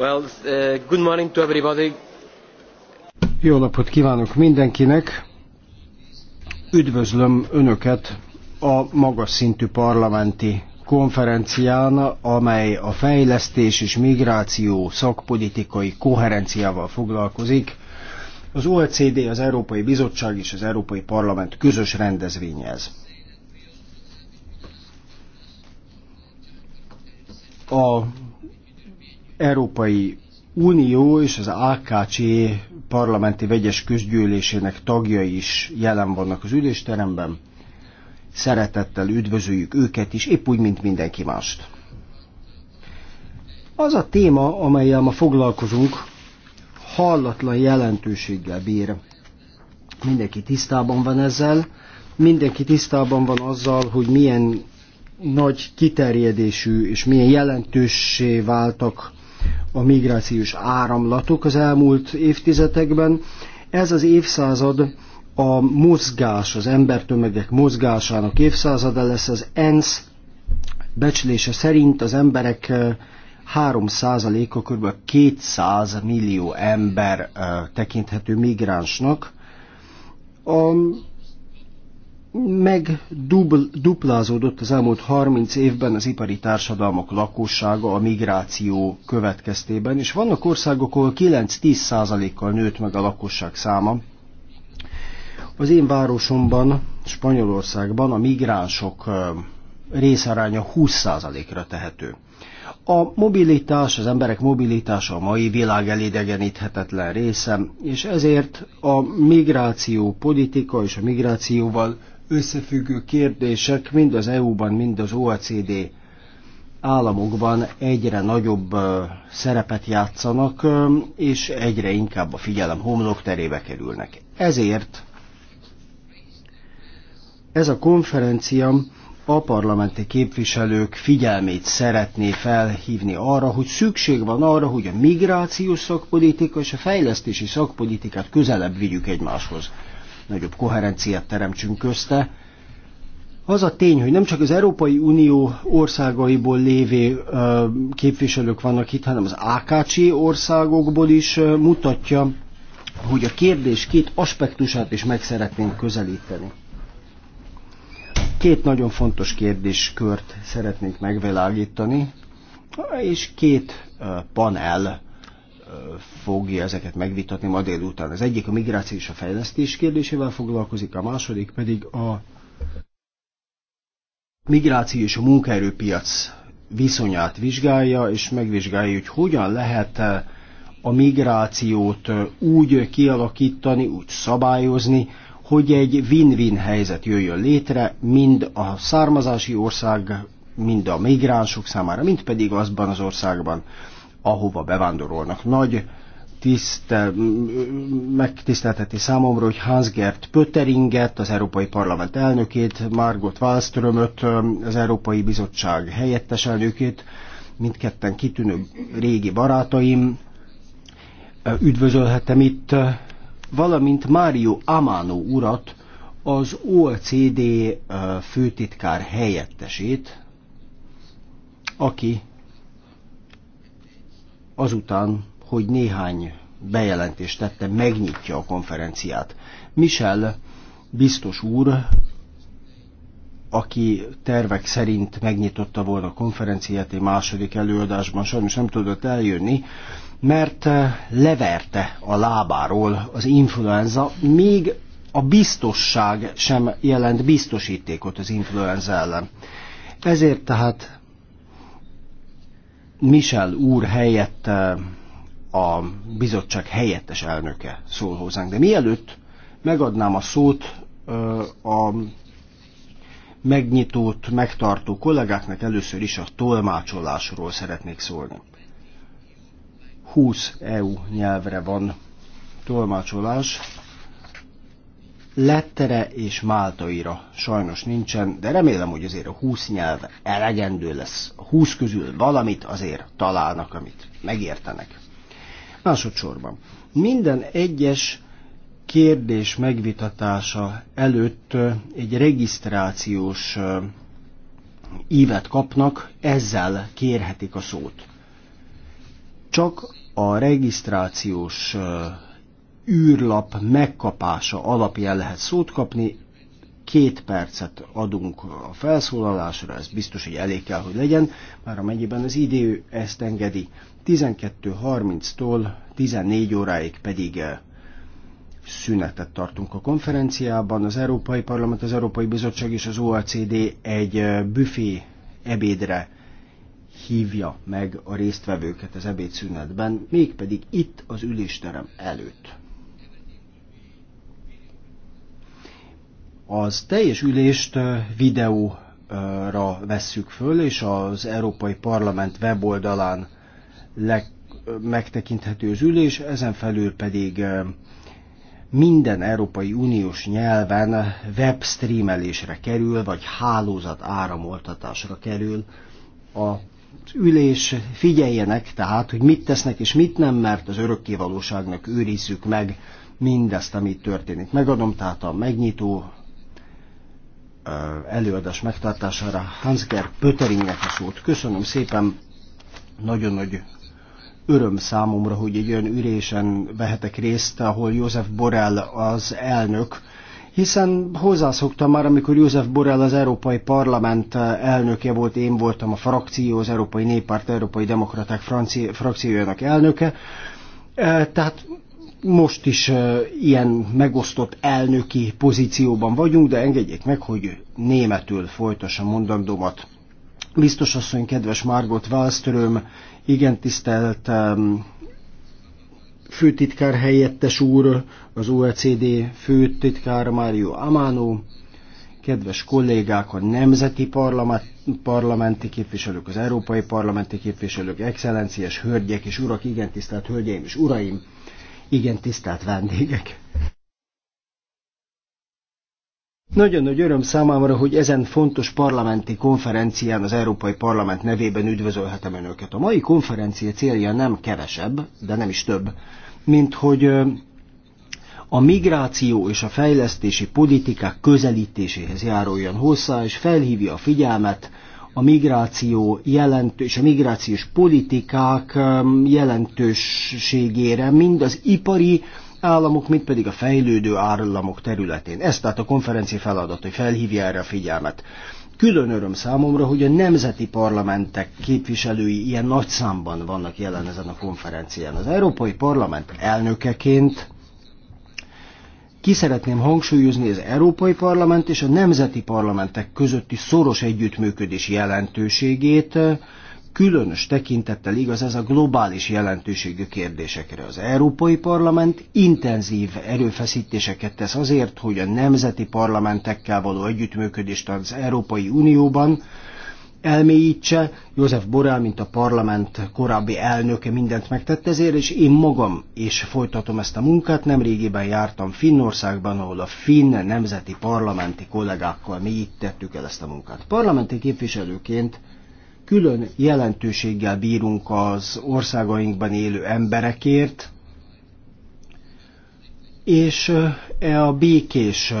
Uh, Jó napot kívánok mindenkinek! Üdvözlöm Önöket a magas szintű parlamenti konferencián, amely a fejlesztés és migráció szakpolitikai koherenciával foglalkozik. Az OECD, az Európai Bizottság és az Európai Parlament közös rendezvénye ez. A Európai Unió és az AKC parlamenti vegyes közgyűlésének tagjai is jelen vannak az ülésteremben. Szeretettel üdvözöljük őket is, épp úgy, mint mindenki mást. Az a téma, amelyel ma foglalkozunk, hallatlan jelentőséggel bír. Mindenki tisztában van ezzel, mindenki tisztában van azzal, hogy milyen nagy kiterjedésű és milyen jelentőssé váltak a migrációs áramlatok az elmúlt évtizedekben. Ez az évszázad a mozgás, az embertömegek mozgásának évszázada lesz az ENSZ becslése szerint az emberek 3%-a kb. 200 millió ember tekinthető migránsnak. A megduplázódott az elmúlt 30 évben az ipari társadalmak lakossága a migráció következtében, és vannak országok, ahol 9-10 százalékkal nőtt meg a lakosság száma. Az én városomban, Spanyolországban a migránsok részaránya 20 százalékra tehető. A mobilitás, az emberek mobilitása a mai világ elidegeníthetetlen része, és ezért a migráció politika és a migrációval összefüggő kérdések mind az EU-ban, mind az OECD államokban egyre nagyobb szerepet játszanak, és egyre inkább a figyelem homlok terébe kerülnek. Ezért ez a konferencia a parlamenti képviselők figyelmét szeretné felhívni arra, hogy szükség van arra, hogy a migrációs szakpolitika és a fejlesztési szakpolitikát közelebb vigyük egymáshoz nagyobb koherenciát teremtsünk közte. Az a tény, hogy nem csak az Európai Unió országaiból lévő képviselők vannak itt, hanem az AKC országokból is mutatja, hogy a kérdés két aspektusát is meg szeretnénk közelíteni. Két nagyon fontos kérdéskört szeretnénk megvilágítani, és két panel fogja ezeket megvitatni ma délután. Az egyik a migráció és a fejlesztés kérdésével foglalkozik, a második pedig a migráció és a munkaerőpiac viszonyát vizsgálja, és megvizsgálja, hogy hogyan lehet eh, a migrációt eh, úgy kialakítani, úgy szabályozni, hogy egy win-win helyzet jöjjön létre, mind a származási ország, mind a migránsok számára, mind pedig azban az országban, ahova bevándorolnak. Nagy tiszt megtisztelteti számomra, hogy Hansgert Pötteringet, az Európai Parlament elnökét, Margot Wallströmöt, az Európai Bizottság helyettes elnökét, mindketten kitűnő régi barátaim, üdvözölhetem itt, valamint Mário Amano urat, az OECD főtitkár helyettesét, aki azután, hogy néhány bejelentést tette, megnyitja a konferenciát. Michel biztos úr, aki tervek szerint megnyitotta volna a konferenciát egy második előadásban, sajnos nem tudott eljönni, mert eh, leverte a lábáról az influenza, még a biztosság sem jelent biztosítékot az influenza ellen. Ezért tehát Michel úr helyett eh, a bizottság helyettes elnöke szól hozzánk. De mielőtt megadnám a szót eh, a megnyitót megtartó kollégáknak, először is a tolmácsolásról szeretnék szólni. 20 EU nyelvre van tolmácsolás, lettere és máltaira sajnos nincsen, de remélem, hogy azért a 20 nyelv elegendő lesz. A 20 közül valamit azért találnak, amit megértenek. Másodszorban, minden egyes kérdés megvitatása előtt egy regisztrációs ívet kapnak, ezzel kérhetik a szót. Csak a regisztrációs űrlap megkapása alapján lehet szót kapni. Két percet adunk a felszólalásra, ez biztos, hogy elég kell, hogy legyen, már amennyiben az idő ezt engedi. 12.30-tól 14 óráig pedig eh, szünetet tartunk a konferenciában. Az Európai Parlament, az Európai Bizottság és az OECD egy eh, büfé ebédre hívja meg a résztvevőket az ebédszünetben, mégpedig itt az ülésterem előtt. Az teljes ülést videóra vesszük föl, és az Európai Parlament weboldalán le, megtekinthető az ülés, ezen felül pedig minden Európai Uniós nyelven webstreamelésre kerül, vagy hálózat áramoltatásra kerül a ülés, figyeljenek tehát, hogy mit tesznek és mit nem, mert az örökkévalóságnak őrizzük meg mindezt, amit történik. Megadom tehát a megnyitó előadás megtartására Hansger Pöteringnek a szót. Köszönöm szépen, nagyon nagy öröm számomra, hogy egy olyan ürésen vehetek részt, ahol József Borrell az elnök, hiszen hozzászoktam már, amikor József Borrell az Európai Parlament elnöke volt, én voltam a frakció, az Európai Néppárt, Európai Demokraták frakciójának elnöke, tehát most is ilyen megosztott elnöki pozícióban vagyunk, de engedjék meg, hogy németül folytassam mondandómat. Biztos asszony, kedves Margot Wallström, igen tisztelt főtitkár helyettes úr, az OECD főtitkár Mário Amano, kedves kollégák, a nemzeti parlament, parlamenti képviselők, az európai parlamenti képviselők, excellenciás hölgyek és urak, igen tisztelt hölgyeim és uraim! igen tisztelt vendégek. Nagyon nagy öröm számomra, hogy ezen fontos parlamenti konferencián az Európai Parlament nevében üdvözölhetem Önöket. A mai konferencia célja nem kevesebb, de nem is több, mint hogy a migráció és a fejlesztési politikák közelítéséhez járuljon hozzá, és felhívja a figyelmet a migráció jelentős, a migrációs politikák um, jelentőségére, mind az ipari államok, mint pedig a fejlődő államok területén. Ez tehát a konferencia feladat, hogy felhívja erre a figyelmet. Külön öröm számomra, hogy a nemzeti parlamentek képviselői ilyen nagy számban vannak jelen ezen a konferencián. Az Európai Parlament elnökeként ki szeretném hangsúlyozni az Európai Parlament és a nemzeti parlamentek közötti szoros együttműködés jelentőségét, különös tekintettel igaz ez a globális jelentőségű kérdésekre. Az Európai Parlament intenzív erőfeszítéseket tesz azért, hogy a nemzeti parlamentekkel való együttműködést az Európai Unióban elmélyítse. József Borrell, mint a parlament korábbi elnöke mindent megtett ezért, és én magam is folytatom ezt a munkát. Nemrégiben jártam Finnországban, ahol a finn nemzeti parlamenti kollégákkal mi itt tettük el ezt a munkát. Parlamenti képviselőként külön jelentőséggel bírunk az országainkban élő emberekért, és e a békés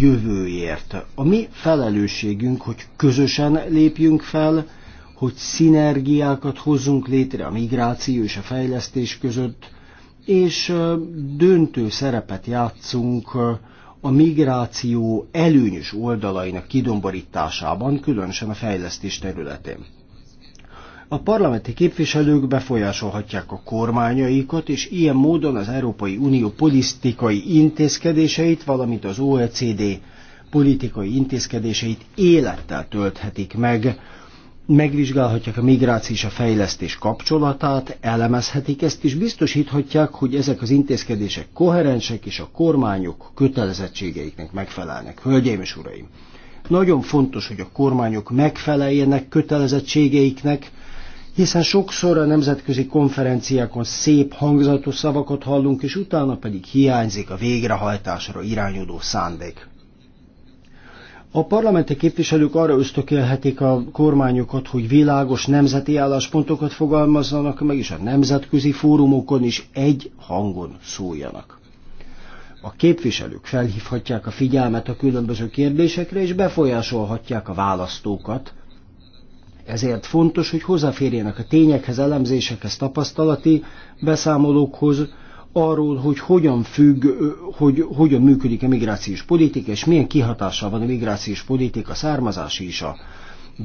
jövőért. A mi felelősségünk, hogy közösen lépjünk fel, hogy szinergiákat hozzunk létre a migráció és a fejlesztés között, és döntő szerepet játszunk a migráció előnyös oldalainak kidomborításában, különösen a fejlesztés területén a parlamenti képviselők befolyásolhatják a kormányaikat, és ilyen módon az Európai Unió politikai intézkedéseit, valamint az OECD politikai intézkedéseit élettel tölthetik meg, megvizsgálhatják a migráció és a fejlesztés kapcsolatát, elemezhetik ezt, és biztosíthatják, hogy ezek az intézkedések koherensek, és a kormányok kötelezettségeiknek megfelelnek. Hölgyeim és uraim! Nagyon fontos, hogy a kormányok megfeleljenek kötelezettségeiknek, hiszen sokszor a nemzetközi konferenciákon szép hangzatos szavakat hallunk, és utána pedig hiányzik a végrehajtásra irányuló szándék. A parlamenti képviselők arra ösztökélhetik a kormányokat, hogy világos nemzeti álláspontokat fogalmazzanak meg, is a nemzetközi fórumokon is egy hangon szóljanak. A képviselők felhívhatják a figyelmet a különböző kérdésekre, és befolyásolhatják a választókat, ezért fontos, hogy hozzáférjenek a tényekhez, elemzésekhez, tapasztalati beszámolókhoz, arról, hogy hogyan függ, hogy hogyan működik a migrációs politika, és milyen kihatással van a migrációs politika származási is a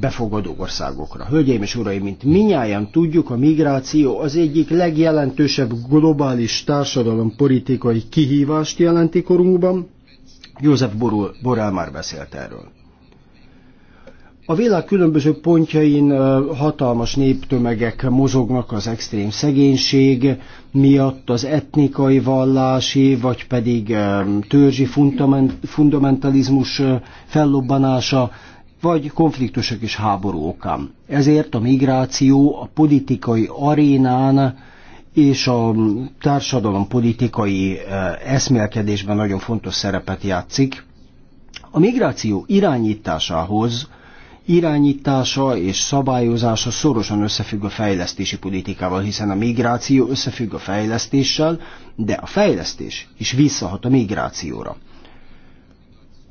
befogadó országokra. Hölgyeim és uraim, mint minnyáján tudjuk, a migráció az egyik legjelentősebb globális politikai kihívást jelenti korunkban. József Borrell már beszélt erről. A világ különböző pontjain hatalmas néptömegek mozognak az extrém szegénység miatt, az etnikai, vallási, vagy pedig törzsi fundamentalizmus fellobbanása, vagy konfliktusok és háború okán. Ezért a migráció a politikai arénán és a társadalom politikai eszmélkedésben nagyon fontos szerepet játszik. A migráció irányításához irányítása és szabályozása szorosan összefügg a fejlesztési politikával, hiszen a migráció összefügg a fejlesztéssel, de a fejlesztés is visszahat a migrációra.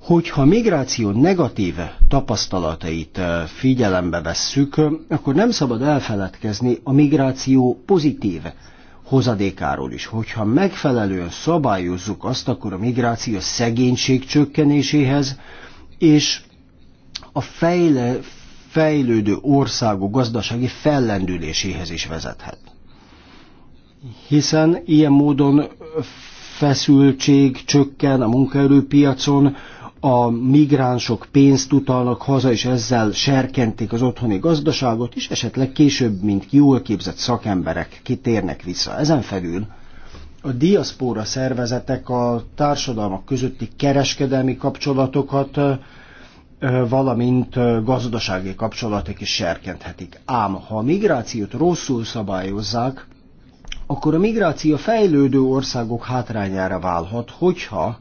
Hogyha a migráció negatív tapasztalatait figyelembe vesszük, akkor nem szabad elfeledkezni a migráció pozitív hozadékáról is. Hogyha megfelelően szabályozzuk azt, akkor a migráció szegénység csökkenéséhez és a fejle, fejlődő országok gazdasági fellendüléséhez is vezethet. Hiszen ilyen módon feszültség csökken a munkaerőpiacon, a migránsok pénzt utalnak haza, és ezzel serkentik az otthoni gazdaságot, és esetleg később, mint jól képzett szakemberek kitérnek vissza. Ezen felül a diaszpóra szervezetek a társadalmak közötti kereskedelmi kapcsolatokat valamint gazdasági kapcsolatok is serkenthetik. Ám ha a migrációt rosszul szabályozzák, akkor a migráció fejlődő országok hátrányára válhat, hogyha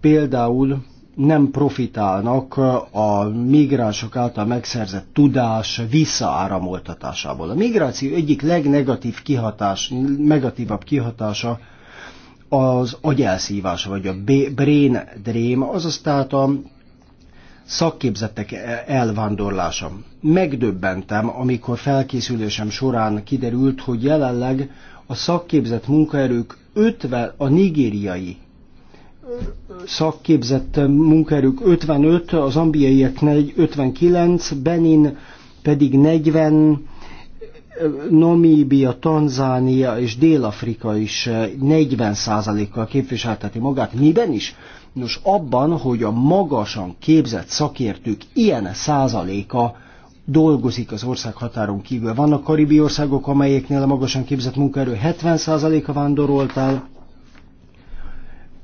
például nem profitálnak a migránsok által megszerzett tudás visszaáramoltatásából. A migráció egyik legnegatív kihatás, negatívabb kihatása az agyelszívás, vagy a brain dream, Az aztán a szakképzettek elvándorlása. Megdöbbentem, amikor felkészülésem során kiderült, hogy jelenleg a szakképzett munkaerők 50 a nigériai szakképzett munkaerők 55, az ambiaiek 59, Benin pedig 40, Namíbia, Tanzánia és Dél-Afrika is 40%-kal eh, képviselteti magát. Miben is? Nos, abban, hogy a magasan képzett szakértők ilyen százaléka dolgozik az ország határon kívül. Vannak karibi országok, amelyeknél a magasan képzett munkaerő 70%-a vándorolt el,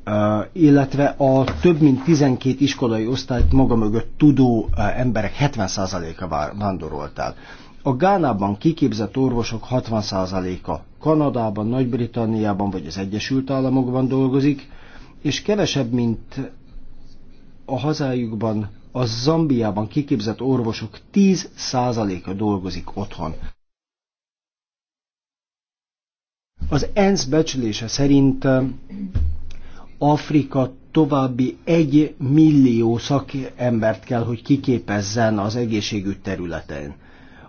eh, illetve a több mint 12 iskolai osztályt maga mögött tudó eh, emberek 70%-a vándorolt el. A Gánában kiképzett orvosok 60%-a Kanadában, Nagy-Britanniában vagy az Egyesült Államokban dolgozik, és kevesebb, mint a hazájukban, a Zambiában kiképzett orvosok 10%-a dolgozik otthon. Az ENSZ becslése szerint eh, Afrika további egy millió szakembert kell, hogy kiképezzen az egészségügy területén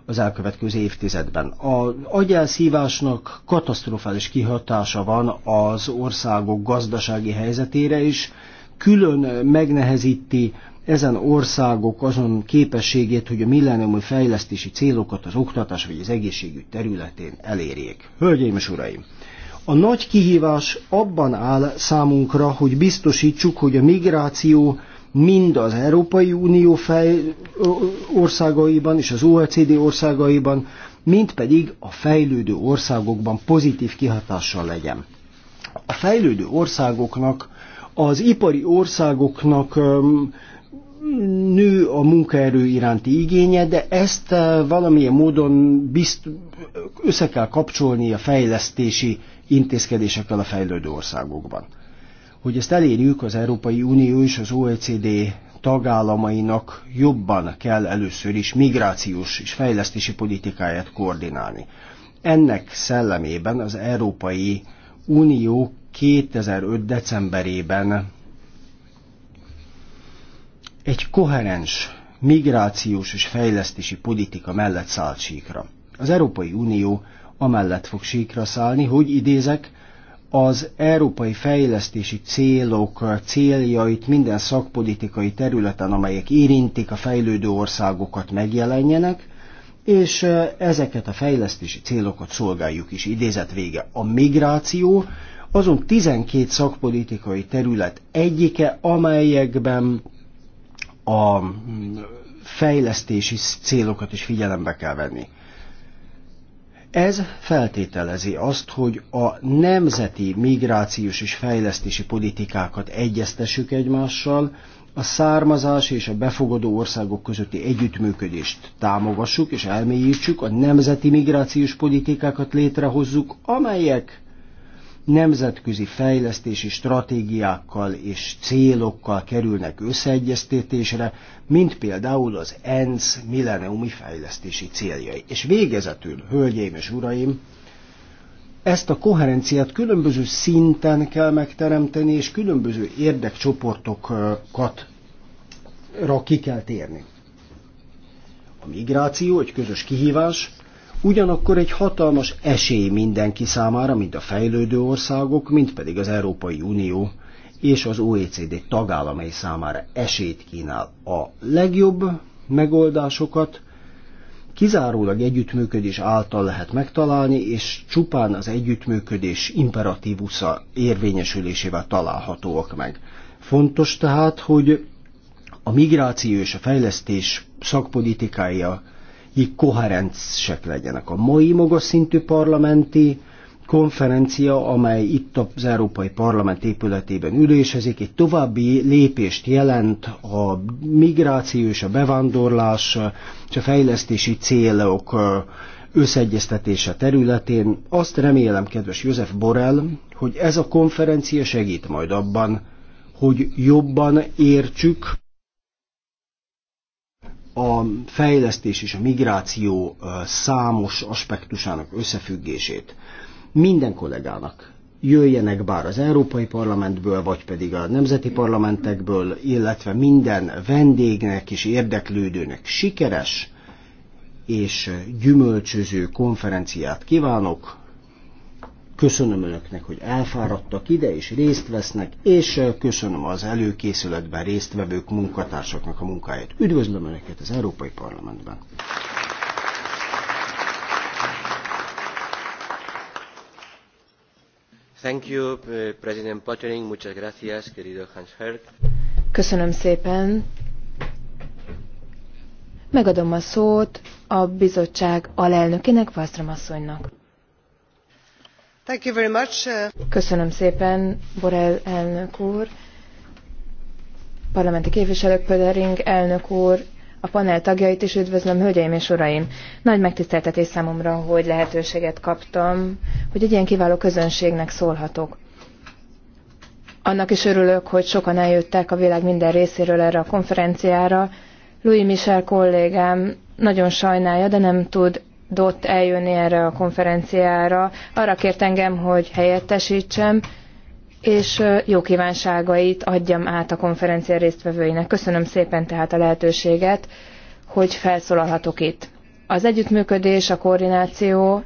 az elkövetkező évtizedben. A agyelszívásnak katasztrofális kihatása van az országok gazdasági helyzetére is, külön megnehezíti ezen országok azon képességét, hogy a milleniumi fejlesztési célokat az oktatás vagy az egészségügy területén elérjék. Hölgyeim és uraim! A nagy kihívás abban áll számunkra, hogy biztosítsuk, hogy a migráció mind az Európai Unió fej, országaiban és az OECD országaiban, mint pedig a fejlődő országokban pozitív kihatással legyen. A fejlődő országoknak, az ipari országoknak nő a munkaerő iránti igénye, de ezt valamilyen módon bizt, össze kell kapcsolni a fejlesztési intézkedésekkel a fejlődő országokban. Hogy ezt elérjük, az Európai Unió és az OECD tagállamainak jobban kell először is migrációs és fejlesztési politikáját koordinálni. Ennek szellemében az Európai Unió 2005. decemberében egy koherens migrációs és fejlesztési politika mellett szállt síkra. Az Európai Unió amellett fog síkra szállni, hogy idézek, az európai fejlesztési célok céljait minden szakpolitikai területen, amelyek érintik a fejlődő országokat megjelenjenek, és ezeket a fejlesztési célokat szolgáljuk is. Idézet vége. A migráció azon 12 szakpolitikai terület egyike, amelyekben a mm, fejlesztési célokat is figyelembe kell venni. Ez feltételezi azt, hogy a nemzeti migrációs és fejlesztési politikákat egyeztessük egymással, a származás és a befogadó országok közötti együttműködést támogassuk és elmélyítsük, a nemzeti migrációs politikákat létrehozzuk, amelyek nemzetközi fejlesztési stratégiákkal és célokkal kerülnek összeegyeztetésre, mint például az ENSZ milleniumi fejlesztési céljai. És végezetül, hölgyeim és uraim, ezt a koherenciát különböző szinten kell megteremteni, és különböző érdekcsoportokat ki kell térni. A migráció egy közös kihívás, Ugyanakkor egy hatalmas esély mindenki számára, mind a fejlődő országok, mind pedig az Európai Unió és az OECD tagállamai számára esélyt kínál. A legjobb megoldásokat kizárólag együttműködés által lehet megtalálni, és csupán az együttműködés imperatívusza érvényesülésével találhatóak meg. Fontos tehát, hogy a migráció és a fejlesztés szakpolitikája így koherensek legyenek. A mai magas szintű parlamenti konferencia, amely itt az Európai Parlament épületében ülésezik, egy további lépést jelent a migráció és a bevándorlás és a fejlesztési célok összeegyeztetése területén. Azt remélem, kedves József Borel, hogy ez a konferencia segít majd abban, hogy jobban értsük, a fejlesztés és a migráció számos aspektusának összefüggését. Minden kollégának jöjjenek bár az Európai Parlamentből, vagy pedig a nemzeti parlamentekből, illetve minden vendégnek és érdeklődőnek sikeres és gyümölcsöző konferenciát kívánok. Köszönöm Önöknek, hogy elfáradtak ide és részt vesznek, és eh, köszönöm az előkészületben résztvevők munkatársaknak a munkáját. Üdvözlöm Önöket az Európai Parlamentben! Thank you, eh, President Pottering. Muchas gracias, querido Hans Herk. Köszönöm szépen. Megadom a szót a bizottság alelnökének, Wallström asszonynak. Thank you very much. Uh, Köszönöm szépen, Borrell elnök úr, parlamenti képviselők, Pödering elnök úr, a panel tagjait is üdvözlöm, hölgyeim és uraim! Nagy megtiszteltetés számomra, hogy lehetőséget kaptam, hogy egy ilyen kiváló közönségnek szólhatok. Annak is örülök, hogy sokan eljöttek a világ minden részéről erre a konferenciára. Louis Michel kollégám nagyon sajnálja, de nem tud dott eljönni erre a konferenciára. Arra kért engem, hogy helyettesítsem, és jó kívánságait adjam át a konferencia résztvevőinek. Köszönöm szépen tehát a lehetőséget, hogy felszólalhatok itt. Az együttműködés, a koordináció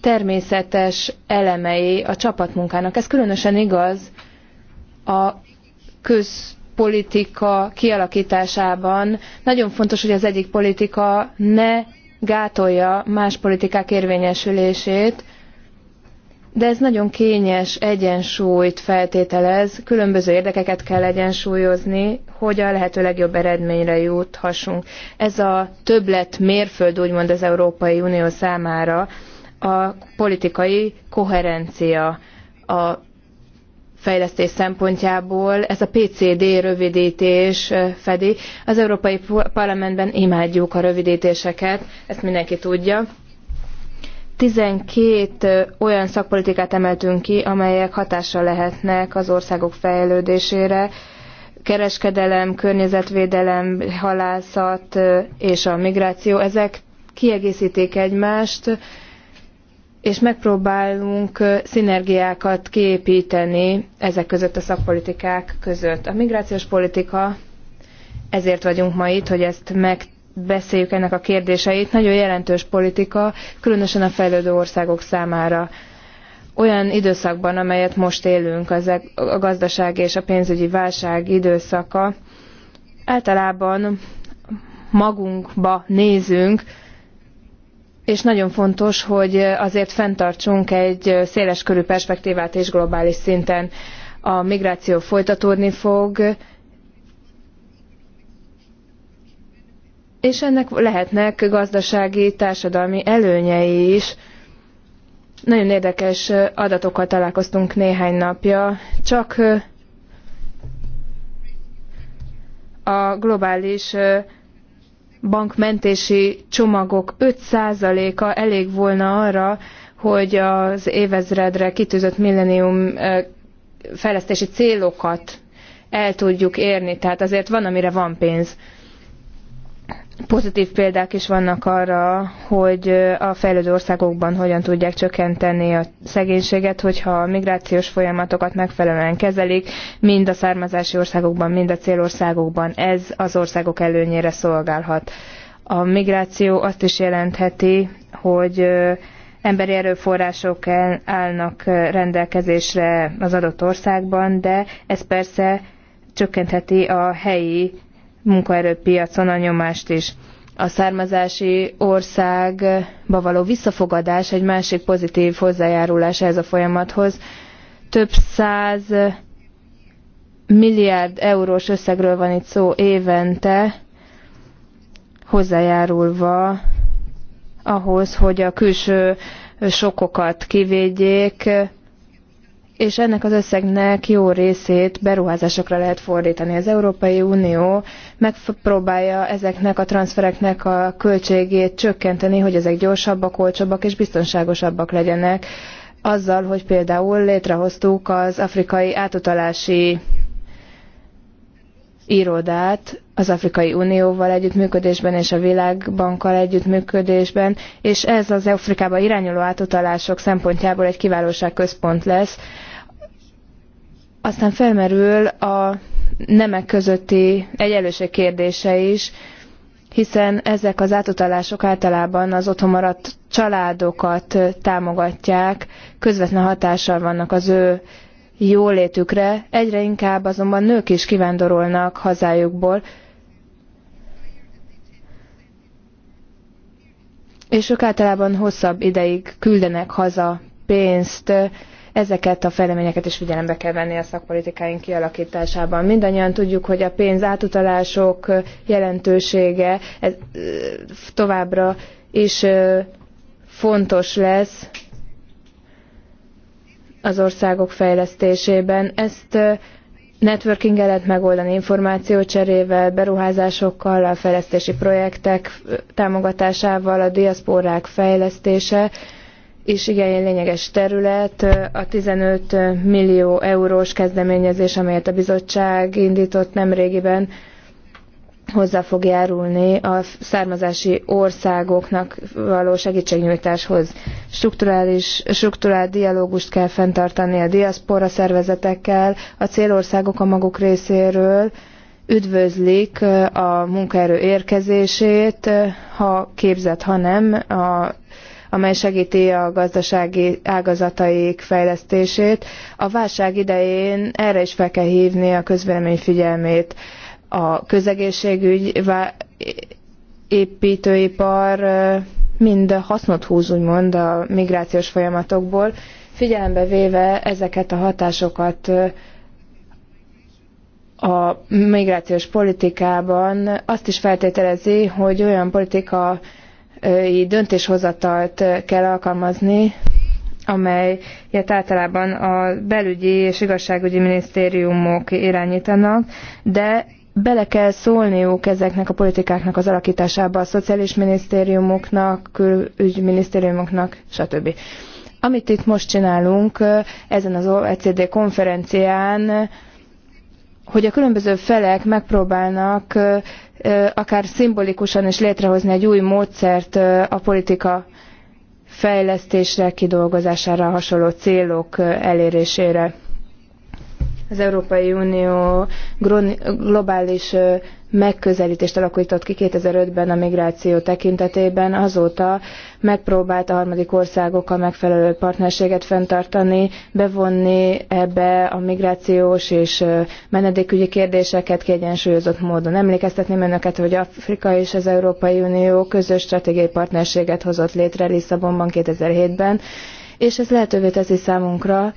természetes elemei a csapatmunkának. Ez különösen igaz a közpolitika kialakításában. Nagyon fontos, hogy az egyik politika ne gátolja más politikák érvényesülését, de ez nagyon kényes egyensúlyt feltételez, különböző érdekeket kell egyensúlyozni, hogy a lehető legjobb eredményre juthassunk. Ez a többlet mérföld úgymond az Európai Unió számára a politikai koherencia, a fejlesztés szempontjából ez a PCD rövidítés fedi. Az Európai Parlamentben imádjuk a rövidítéseket, ezt mindenki tudja. 12 olyan szakpolitikát emeltünk ki, amelyek hatással lehetnek az országok fejlődésére, kereskedelem, környezetvédelem, halászat és a migráció, ezek kiegészítik egymást, és megpróbálunk szinergiákat kiépíteni ezek között a szakpolitikák között. A migrációs politika, ezért vagyunk ma itt, hogy ezt megbeszéljük ennek a kérdéseit, nagyon jelentős politika, különösen a fejlődő országok számára. Olyan időszakban, amelyet most élünk, az e- a gazdaság és a pénzügyi válság időszaka, általában magunkba nézünk, és nagyon fontos, hogy azért fenntartsunk egy széleskörű perspektívát és globális szinten. A migráció folytatódni fog, és ennek lehetnek gazdasági, társadalmi előnyei is. Nagyon érdekes adatokkal találkoztunk néhány napja, csak a globális bankmentési csomagok 5%-a elég volna arra, hogy az évezredre kitűzött millenium fejlesztési célokat el tudjuk érni. Tehát azért van, amire van pénz. Pozitív példák is vannak arra, hogy a fejlődő országokban hogyan tudják csökkenteni a szegénységet, hogyha a migrációs folyamatokat megfelelően kezelik, mind a származási országokban, mind a célországokban. Ez az országok előnyére szolgálhat. A migráció azt is jelentheti, hogy emberi erőforrások állnak rendelkezésre az adott országban, de ez persze csökkentheti a helyi munkaerőpiacon a nyomást is. A származási országba való visszafogadás egy másik pozitív hozzájárulás ehhez a folyamathoz. Több száz milliárd eurós összegről van itt szó évente, hozzájárulva ahhoz, hogy a külső sokokat kivédjék, és ennek az összegnek jó részét beruházásokra lehet fordítani. Az Európai Unió megpróbálja ezeknek a transfereknek a költségét csökkenteni, hogy ezek gyorsabbak, olcsóbbak és biztonságosabbak legyenek. Azzal, hogy például létrehoztuk az afrikai átutalási irodát az Afrikai Unióval együttműködésben és a Világbankkal együttműködésben, és ez az Afrikába irányuló átutalások szempontjából egy központ lesz. Aztán felmerül a nemek közötti egyenlőség kérdése is, hiszen ezek az átutalások általában az otthon maradt családokat támogatják, közvetlen hatással vannak az ő jólétükre, egyre inkább azonban nők is kivándorolnak hazájukból, és ők általában hosszabb ideig küldenek haza pénzt, ezeket a fejleményeket is figyelembe kell venni a szakpolitikáink kialakításában. Mindannyian tudjuk, hogy a pénz átutalások jelentősége ez, továbbra is fontos lesz, az országok fejlesztésében. Ezt networkinggel lehet megoldani információcserével, beruházásokkal, a fejlesztési projektek támogatásával, a diaszporák fejlesztése is igen lényeges terület. A 15 millió eurós kezdeményezés, amelyet a bizottság indított nemrégiben, hozzá fog járulni a származási országoknak való segítségnyújtáshoz. Strukturális, strukturált dialógust kell fenntartani a diaszpora szervezetekkel, a célországok a maguk részéről üdvözlik a munkaerő érkezését, ha képzett, ha nem, a, amely segíti a gazdasági ágazataik fejlesztését. A válság idején erre is fel kell hívni a közvélemény figyelmét a közegészségügy, építőipar mind hasznot húz, úgymond a migrációs folyamatokból, figyelembe véve ezeket a hatásokat a migrációs politikában azt is feltételezi, hogy olyan politikai döntéshozatalt kell alkalmazni, amelyet általában a belügyi és igazságügyi minisztériumok irányítanak, de bele kell szólniuk ezeknek a politikáknak az alakításába, a szociális minisztériumoknak, külügyminisztériumoknak, stb. Amit itt most csinálunk ezen az OECD konferencián, hogy a különböző felek megpróbálnak akár szimbolikusan is létrehozni egy új módszert a politika fejlesztésre, kidolgozására, hasonló célok elérésére az Európai Unió globális megközelítést alakított ki 2005-ben a migráció tekintetében, azóta megpróbált a harmadik országokkal megfelelő partnerséget fenntartani, bevonni ebbe a migrációs és menedékügyi kérdéseket kiegyensúlyozott módon. Emlékeztetném önöket, hogy Afrika és az Európai Unió közös stratégiai partnerséget hozott létre Lisszabonban 2007-ben, és ez lehetővé teszi számunkra,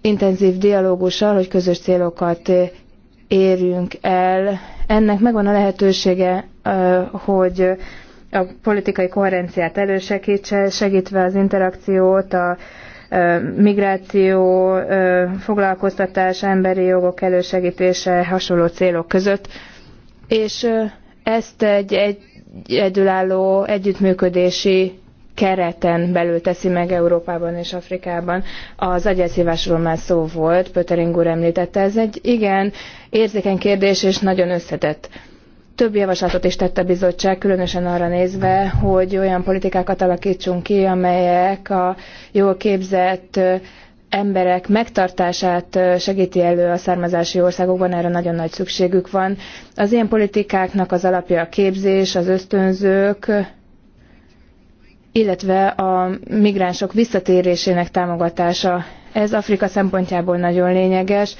intenzív dialógussal, hogy közös célokat érjünk el. Ennek megvan a lehetősége, hogy a politikai koherenciát elősegítse, segítve az interakciót, a migráció, foglalkoztatás, emberi jogok elősegítése hasonló célok között. És ezt egy, egy egyedülálló együttműködési kereten belül teszi meg Európában és Afrikában. Az agyelszívásról már szó volt, Pötering úr említette, ez egy igen érzékeny kérdés és nagyon összetett. Több javaslatot is tett a bizottság, különösen arra nézve, hogy olyan politikákat alakítsunk ki, amelyek a jól képzett emberek megtartását segíti elő a származási országokban, erre nagyon nagy szükségük van. Az ilyen politikáknak az alapja a képzés, az ösztönzők, illetve a migránsok visszatérésének támogatása. Ez Afrika szempontjából nagyon lényeges.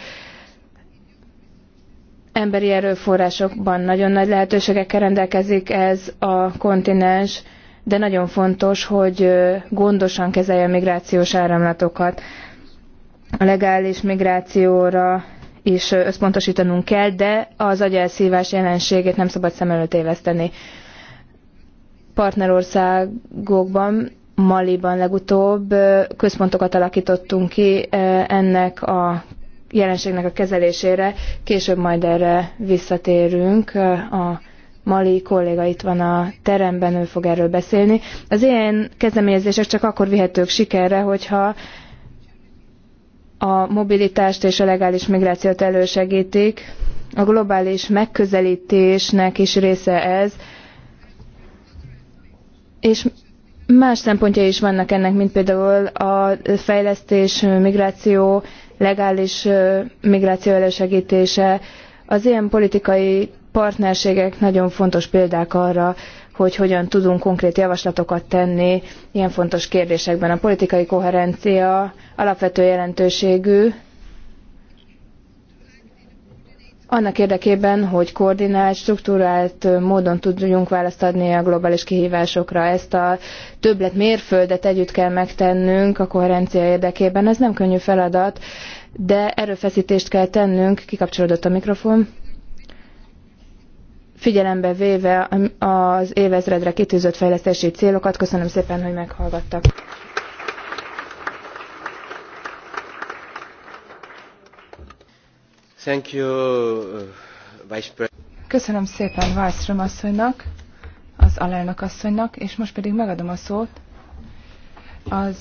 Emberi erőforrásokban nagyon nagy lehetőségekkel rendelkezik ez a kontinens, de nagyon fontos, hogy gondosan kezelje a migrációs áramlatokat. A legális migrációra is összpontosítanunk kell, de az agyelszívás jelenségét nem szabad szem előtt éveszteni partnerországokban, Maliban legutóbb központokat alakítottunk ki ennek a jelenségnek a kezelésére. Később majd erre visszatérünk. A Mali kolléga itt van a teremben, ő fog erről beszélni. Az ilyen kezdeményezések csak akkor vihetők sikerre, hogyha a mobilitást és a legális migrációt elősegítik. A globális megközelítésnek is része ez, és más szempontja is vannak ennek, mint például a fejlesztés, migráció, legális migráció elősegítése. Az ilyen politikai partnerségek nagyon fontos példák arra, hogy hogyan tudunk konkrét javaslatokat tenni ilyen fontos kérdésekben. A politikai koherencia alapvető jelentőségű, annak érdekében, hogy koordinált, struktúrált módon tudjunk választ adni a globális kihívásokra. Ezt a többlet mérföldet együtt kell megtennünk a koherencia érdekében. Ez nem könnyű feladat, de erőfeszítést kell tennünk. Kikapcsolódott a mikrofon. Figyelembe véve az évezredre kitűzött fejlesztési célokat. Köszönöm szépen, hogy meghallgattak. Uh, Köszönöm szépen Wallström asszonynak, az alelnök asszonynak, és most pedig megadom a szót az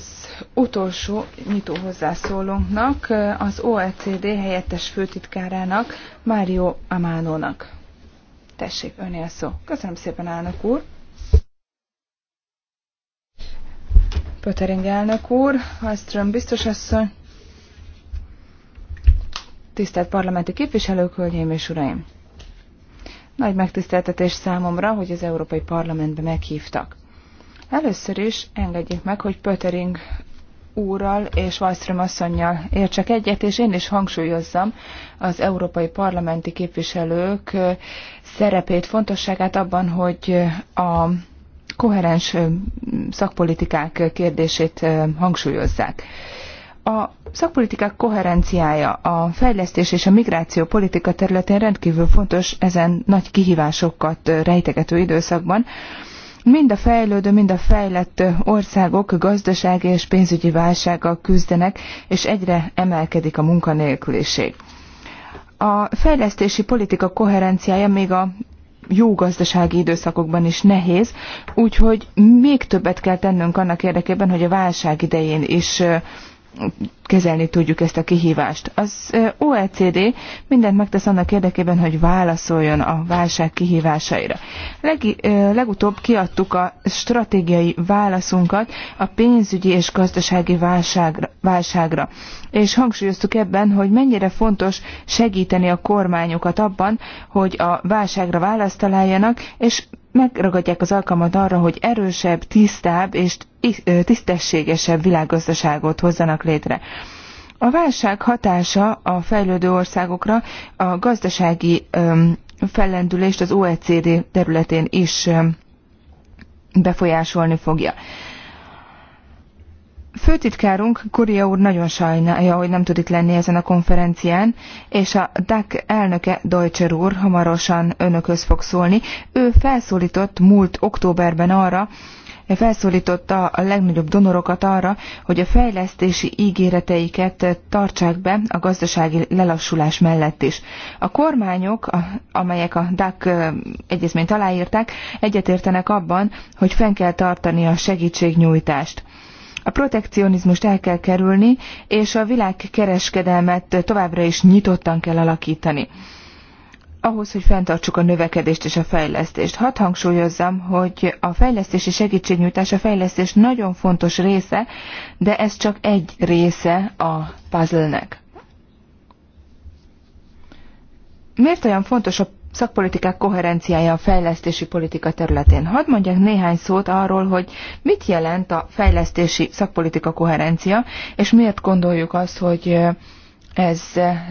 utolsó nyitó hozzászólónknak, az OECD helyettes főtitkárának, Mário Amánónak. Tessék, önél szó. Köszönöm szépen, elnök úr. Pöttering elnök úr, Wallström biztos asszony, tisztelt parlamenti képviselők, hölgyeim és uraim! Nagy megtiszteltetés számomra, hogy az Európai Parlamentbe meghívtak. Először is engedjék meg, hogy Pöttering úrral és Wallström asszonynal értsek egyet, és én is hangsúlyozzam az európai parlamenti képviselők szerepét, fontosságát abban, hogy a koherens szakpolitikák kérdését hangsúlyozzák. A szakpolitikák koherenciája a fejlesztés és a migráció politika területén rendkívül fontos ezen nagy kihívásokat rejtegető időszakban. Mind a fejlődő, mind a fejlett országok gazdasági és pénzügyi válsággal küzdenek, és egyre emelkedik a munkanélküliség. A fejlesztési politika koherenciája még a jó gazdasági időszakokban is nehéz, úgyhogy még többet kell tennünk annak érdekében, hogy a válság idején is kezelni tudjuk ezt a kihívást. Az OECD mindent megtesz annak érdekében, hogy válaszoljon a válság kihívásaira. Leg, legutóbb kiadtuk a stratégiai válaszunkat a pénzügyi és gazdasági válságra, válságra, és hangsúlyoztuk ebben, hogy mennyire fontos segíteni a kormányokat abban, hogy a válságra választ találjanak, és megragadják az alkalmat arra, hogy erősebb, tisztább és tisztességesebb világgazdaságot hozzanak létre. A válság hatása a fejlődő országokra a gazdasági fellendülést az OECD területén is befolyásolni fogja. Főtitkárunk, Kuria úr nagyon sajnálja, hogy nem tud itt lenni ezen a konferencián, és a DAC elnöke, Deutscher úr, hamarosan önökhöz fog szólni. Ő felszólított múlt októberben arra, felszólította a legnagyobb donorokat arra, hogy a fejlesztési ígéreteiket tartsák be a gazdasági lelassulás mellett is. A kormányok, amelyek a DAC egyezményt aláírták, egyetértenek abban, hogy fenn kell tartani a segítségnyújtást. A protekcionizmust el kell kerülni, és a világkereskedelmet továbbra is nyitottan kell alakítani. Ahhoz, hogy fenntartsuk a növekedést és a fejlesztést. Hadd hangsúlyozzam, hogy a fejlesztési segítségnyújtás, a fejlesztés nagyon fontos része, de ez csak egy része a puzzle-nek. Miért olyan fontos a szakpolitikák koherenciája a fejlesztési politika területén. Hadd mondjak néhány szót arról, hogy mit jelent a fejlesztési szakpolitika koherencia, és miért gondoljuk azt, hogy ez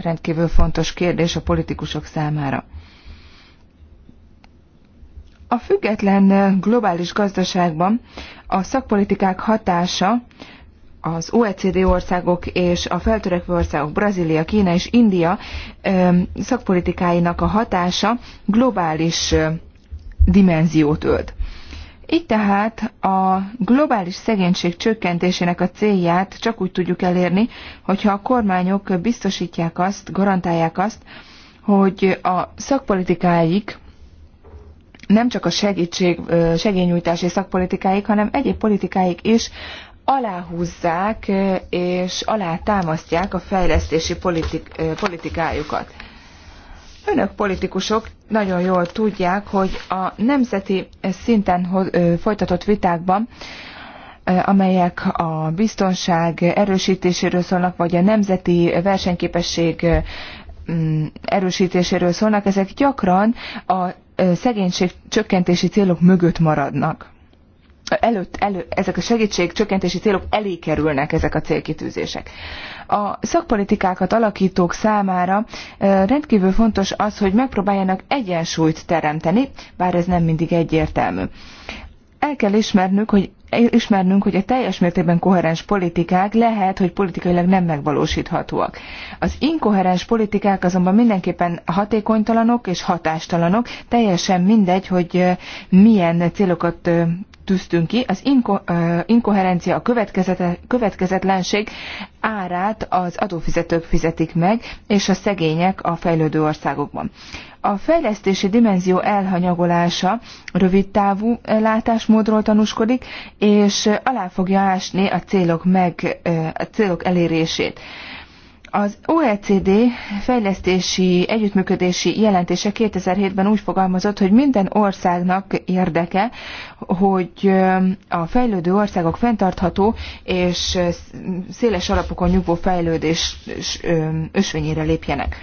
rendkívül fontos kérdés a politikusok számára. A független globális gazdaságban a szakpolitikák hatása az OECD országok és a feltörekvő országok, Brazília, Kína és India szakpolitikáinak a hatása globális dimenziót ölt. Így tehát a globális szegénység csökkentésének a célját csak úgy tudjuk elérni, hogyha a kormányok biztosítják azt, garantálják azt, hogy a szakpolitikáik nem csak a segítség, segélynyújtási szakpolitikáik, hanem egyéb politikáik is aláhúzzák és alátámasztják a fejlesztési politik, politikájukat. Önök politikusok nagyon jól tudják, hogy a nemzeti szinten folytatott vitákban, amelyek a biztonság erősítéséről szólnak, vagy a nemzeti versenyképesség mm, erősítéséről szólnak, ezek gyakran a szegénység csökkentési célok mögött maradnak előtt, elő, ezek a segítségcsökkentési célok elé kerülnek ezek a célkitűzések. A szakpolitikákat alakítók számára rendkívül fontos az, hogy megpróbáljanak egyensúlyt teremteni, bár ez nem mindig egyértelmű. El kell ismernünk, hogy ismernünk, hogy a teljes mértékben koherens politikák lehet, hogy politikailag nem megvalósíthatóak. Az inkoherens politikák azonban mindenképpen hatékonytalanok és hatástalanok, teljesen mindegy, hogy milyen célokat tűztünk ki, az inko, inkoherencia, a következetlenség árát az adófizetők fizetik meg, és a szegények a fejlődő országokban. A fejlesztési dimenzió elhanyagolása rövid távú látásmódról tanúskodik, és alá fogja ásni a célok, meg, a célok elérését. Az OECD fejlesztési együttműködési jelentése 2007-ben úgy fogalmazott, hogy minden országnak érdeke, hogy a fejlődő országok fenntartható és széles alapokon nyugvó fejlődés ösvényére lépjenek.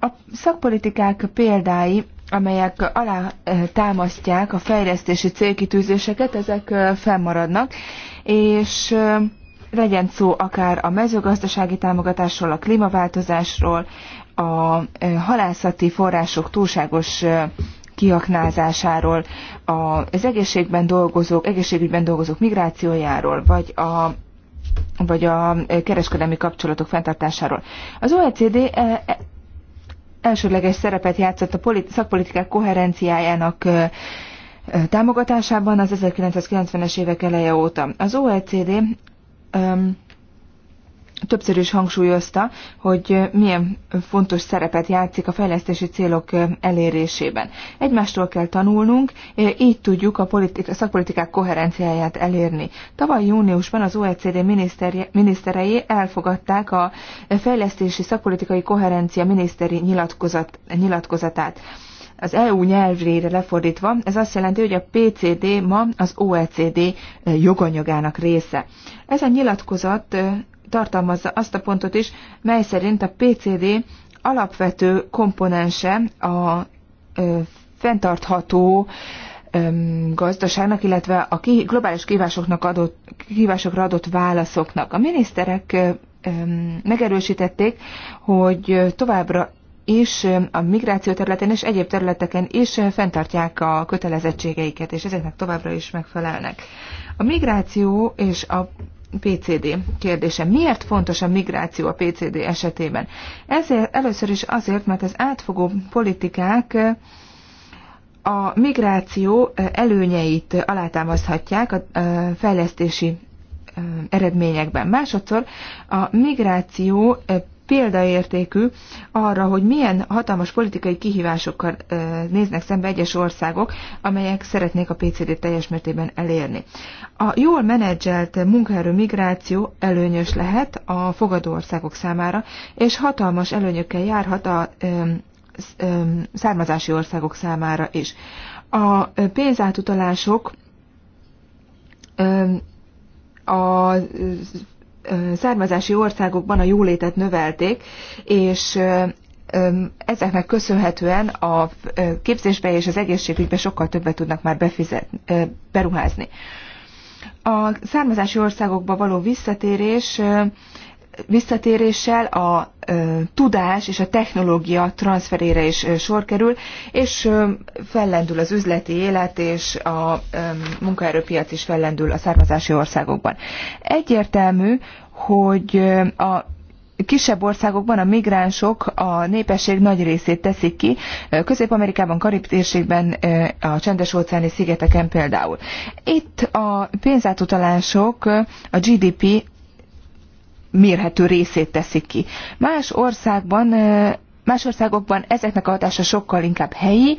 A szakpolitikák példái amelyek alá támasztják a fejlesztési célkitűzéseket, ezek fennmaradnak, és legyen szó akár a mezőgazdasági támogatásról, a klímaváltozásról, a halászati források túlságos kiaknázásáról, az egészségben dolgozók, egészségügyben dolgozók migrációjáról, vagy a vagy a kereskedelmi kapcsolatok fenntartásáról. Az OECD e, elsődleges szerepet játszott a szakpolitikák koherenciájának támogatásában az 1990-es évek eleje óta. Az OECD többször is hangsúlyozta, hogy milyen fontos szerepet játszik a fejlesztési célok elérésében. Egymástól kell tanulnunk, így tudjuk a, politik, a szakpolitikák koherenciáját elérni. Tavaly júniusban az OECD miniszterei elfogadták a fejlesztési szakpolitikai koherencia miniszteri nyilatkozat, nyilatkozatát az EU nyelvére lefordítva, ez azt jelenti, hogy a PCD ma az OECD eh, joganyagának része. Ez a nyilatkozat eh, tartalmazza azt a pontot is, mely szerint a PCD alapvető komponense a eh, fenntartható gazdaságnak, illetve a globális kívásoknak adott, kívásokra adott válaszoknak. A miniszterek megerősítették, hogy továbbra és a migráció területén és egyéb területeken is fenntartják a kötelezettségeiket, és ezeknek továbbra is megfelelnek. A migráció és a PCD kérdése. Miért fontos a migráció a PCD esetében? Ezért először is azért, mert az átfogó politikák a migráció előnyeit alátámaszthatják a fejlesztési eredményekben. Másodszor a migráció példaértékű arra, hogy milyen hatalmas politikai kihívásokkal néznek szembe egyes országok, amelyek szeretnék a PCD teljes mértékben elérni. A jól menedzselt munkaerő migráció előnyös lehet a fogadó országok számára, és hatalmas előnyökkel járhat a származási országok számára is. A pénzátutalások a származási országokban a jólétet növelték, és ezeknek köszönhetően a képzésbe és az egészségügybe sokkal többet tudnak már befizet, beruházni. A származási országokba való visszatérés visszatéréssel a tudás és a technológia transferére is sor kerül, és fellendül az üzleti élet, és a munkaerőpiac is fellendül a származási országokban. Egyértelmű, hogy a kisebb országokban a migránsok a népesség nagy részét teszik ki, Közép-Amerikában, Karib térségben, a csendes-óceáni szigeteken például. Itt a pénzátutalások a GDP mérhető részét teszik ki. Más országban, más országokban ezeknek a hatása sokkal inkább helyi,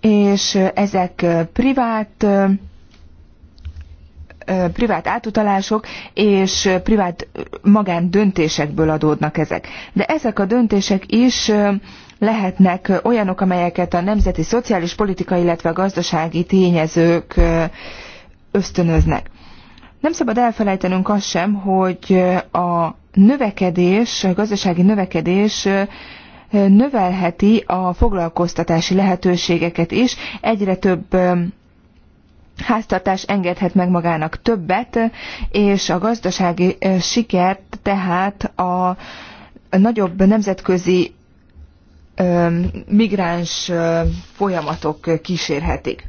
és ezek privát privát átutalások és privát magán döntésekből adódnak ezek. De ezek a döntések is lehetnek olyanok, amelyeket a nemzeti szociális politikai illetve a gazdasági tényezők ösztönöznek. Nem szabad elfelejtenünk azt sem, hogy a növekedés, a gazdasági növekedés növelheti a foglalkoztatási lehetőségeket is. Egyre több háztartás engedhet meg magának többet, és a gazdasági sikert tehát a nagyobb nemzetközi migráns folyamatok kísérhetik.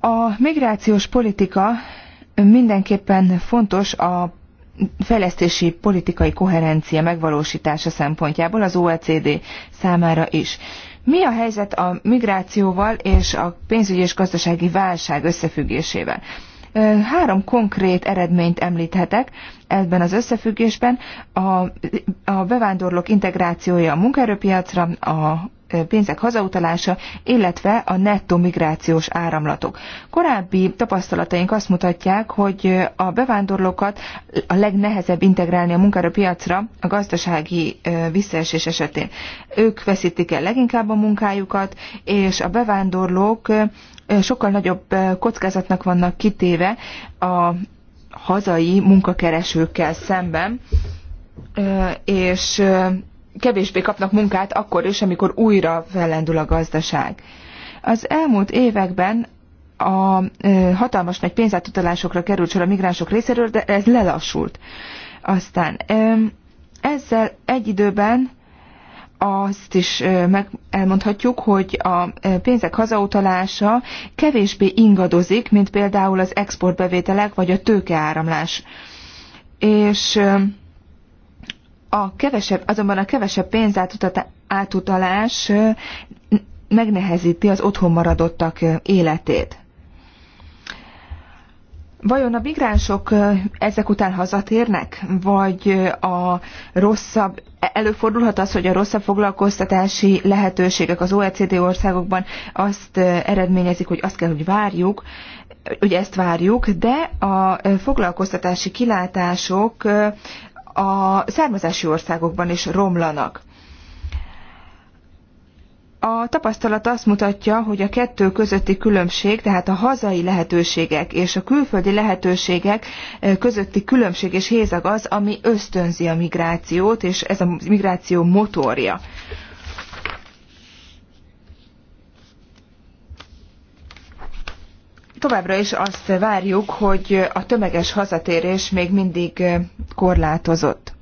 A migrációs politika mindenképpen fontos a fejlesztési politikai koherencia megvalósítása szempontjából az OECD számára is. Mi a helyzet a migrációval és a pénzügyi és gazdasági válság összefüggésével? Három konkrét eredményt említhetek ebben az összefüggésben. A, a bevándorlók integrációja a munkaerőpiacra, a pénzek hazautalása, illetve a nettó migrációs áramlatok. Korábbi tapasztalataink azt mutatják, hogy a bevándorlókat a legnehezebb integrálni a munkaerőpiacra a gazdasági visszaesés esetén. Ők veszítik el leginkább a munkájukat, és a bevándorlók sokkal nagyobb kockázatnak vannak kitéve a hazai munkakeresőkkel szemben, és kevésbé kapnak munkát akkor is, amikor újra fellendül a gazdaság. Az elmúlt években a hatalmas nagy pénzátutalásokra került sor a migránsok részéről, de ez lelassult. Aztán ezzel egy időben azt is meg elmondhatjuk, hogy a pénzek hazautalása kevésbé ingadozik, mint például az exportbevételek vagy a tőkeáramlás. És a kevesebb, azonban a kevesebb pénz átutalás megnehezíti az otthon maradottak életét. Vajon a migránsok ezek után hazatérnek, vagy a rosszabb, e-, előfordulhat az, hogy a rosszabb foglalkoztatási lehetőségek az OECD országokban azt eredményezik, hogy azt kell, hogy várjuk, hogy ezt várjuk, de a foglalkoztatási kilátások a származási országokban is romlanak. A tapasztalat azt mutatja, hogy a kettő közötti különbség, tehát a hazai lehetőségek és a külföldi lehetőségek eh, közötti különbség és hézag az, ami ösztönzi a migrációt, és ez a migráció motorja. Továbbra is azt várjuk, hogy a tömeges hazatérés még mindig eh, korlátozott.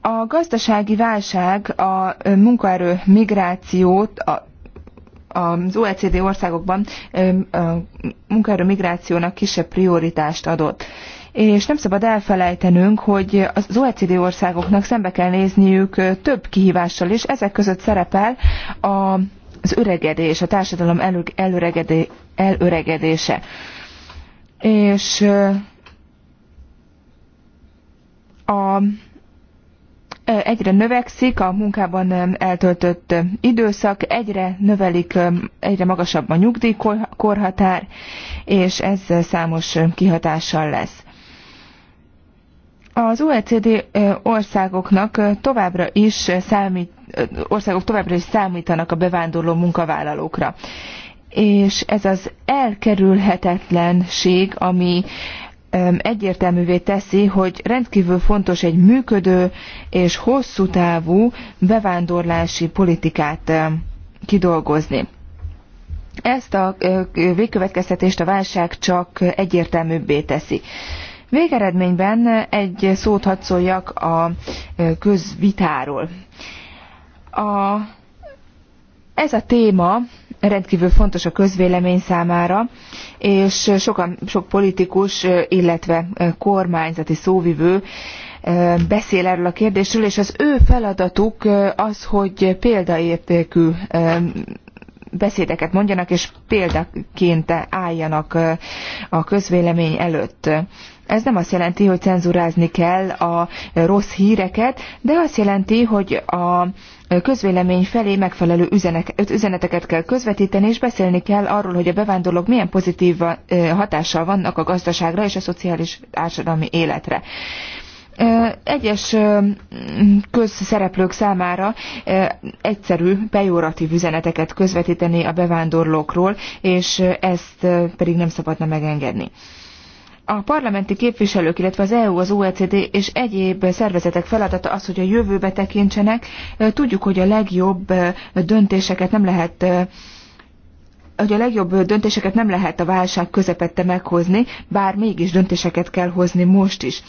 A gazdasági válság a eh, munkaerő migrációt, a az OECD országokban eh, a munkaerő migrációnak kisebb prioritást adott. És nem szabad elfelejtenünk, hogy az OECD országoknak szembe kell nézniük több kihívással is, ezek között szerepel a az öregedés, a társadalom elő, előregedé, előregedése. És a, egyre növekszik a munkában eltöltött időszak, egyre növelik, egyre magasabb a nyugdíjkorhatár, és ez számos kihatással lesz. Az OECD országoknak továbbra is számít, országok továbbra is számítanak a bevándorló munkavállalókra. És ez az elkerülhetetlenség, ami egyértelművé teszi, hogy rendkívül fontos egy működő és hosszú távú bevándorlási politikát kidolgozni. Ezt a végkövetkeztetést a válság csak egyértelműbbé teszi. Végeredményben egy szót hadd szóljak a közvitáról. A, ez a téma rendkívül fontos a közvélemény számára, és sokan, sok politikus, illetve kormányzati szóvivő beszél erről a kérdésről, és az ő feladatuk az, hogy példaértékű beszédeket mondjanak, és példaként álljanak a közvélemény előtt. Ez nem azt jelenti, hogy cenzúrázni kell a rossz híreket, de azt jelenti, hogy a közvélemény felé megfelelő üzenek, üzeneteket kell közvetíteni, és beszélni kell arról, hogy a bevándorlók milyen pozitív hatással vannak a gazdaságra és a szociális társadalmi életre egyes közszereplők számára egyszerű, pejoratív üzeneteket közvetíteni a bevándorlókról, és ezt pedig nem szabadna megengedni. A parlamenti képviselők, illetve az EU, az OECD és egyéb szervezetek feladata az, hogy a jövőbe tekintsenek. Tudjuk, hogy a legjobb döntéseket nem lehet hogy a legjobb döntéseket nem lehet a válság közepette meghozni, bár mégis döntéseket kell hozni most is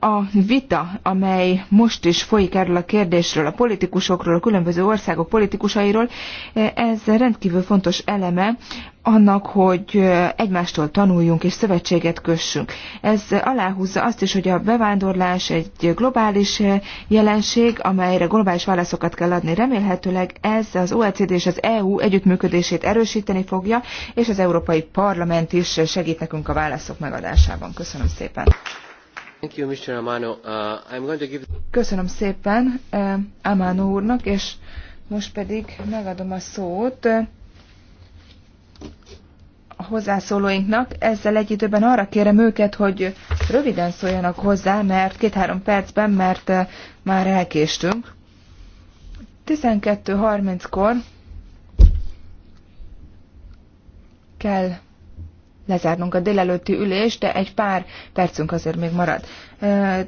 a vita, amely most is folyik erről a kérdésről, a politikusokról, a különböző országok politikusairól, ez rendkívül fontos eleme annak, hogy egymástól tanuljunk és szövetséget kössünk. Ez aláhúzza azt is, hogy a bevándorlás egy globális jelenség, amelyre globális válaszokat kell adni. Remélhetőleg ez az OECD és az EU együttműködését erősíteni fogja, és az Európai Parlament is segít nekünk a válaszok megadásában. Köszönöm szépen! Uh, Köszönöm szépen uh, Amano úrnak, és most pedig megadom a szót uh, a hozzászólóinknak. Ezzel egy időben arra kérem őket, hogy röviden szóljanak hozzá, mert két-három percben, mert már elkéstünk. 12.30-kor kell lezárnunk a délelőtti ülést, de egy pár percünk azért még marad.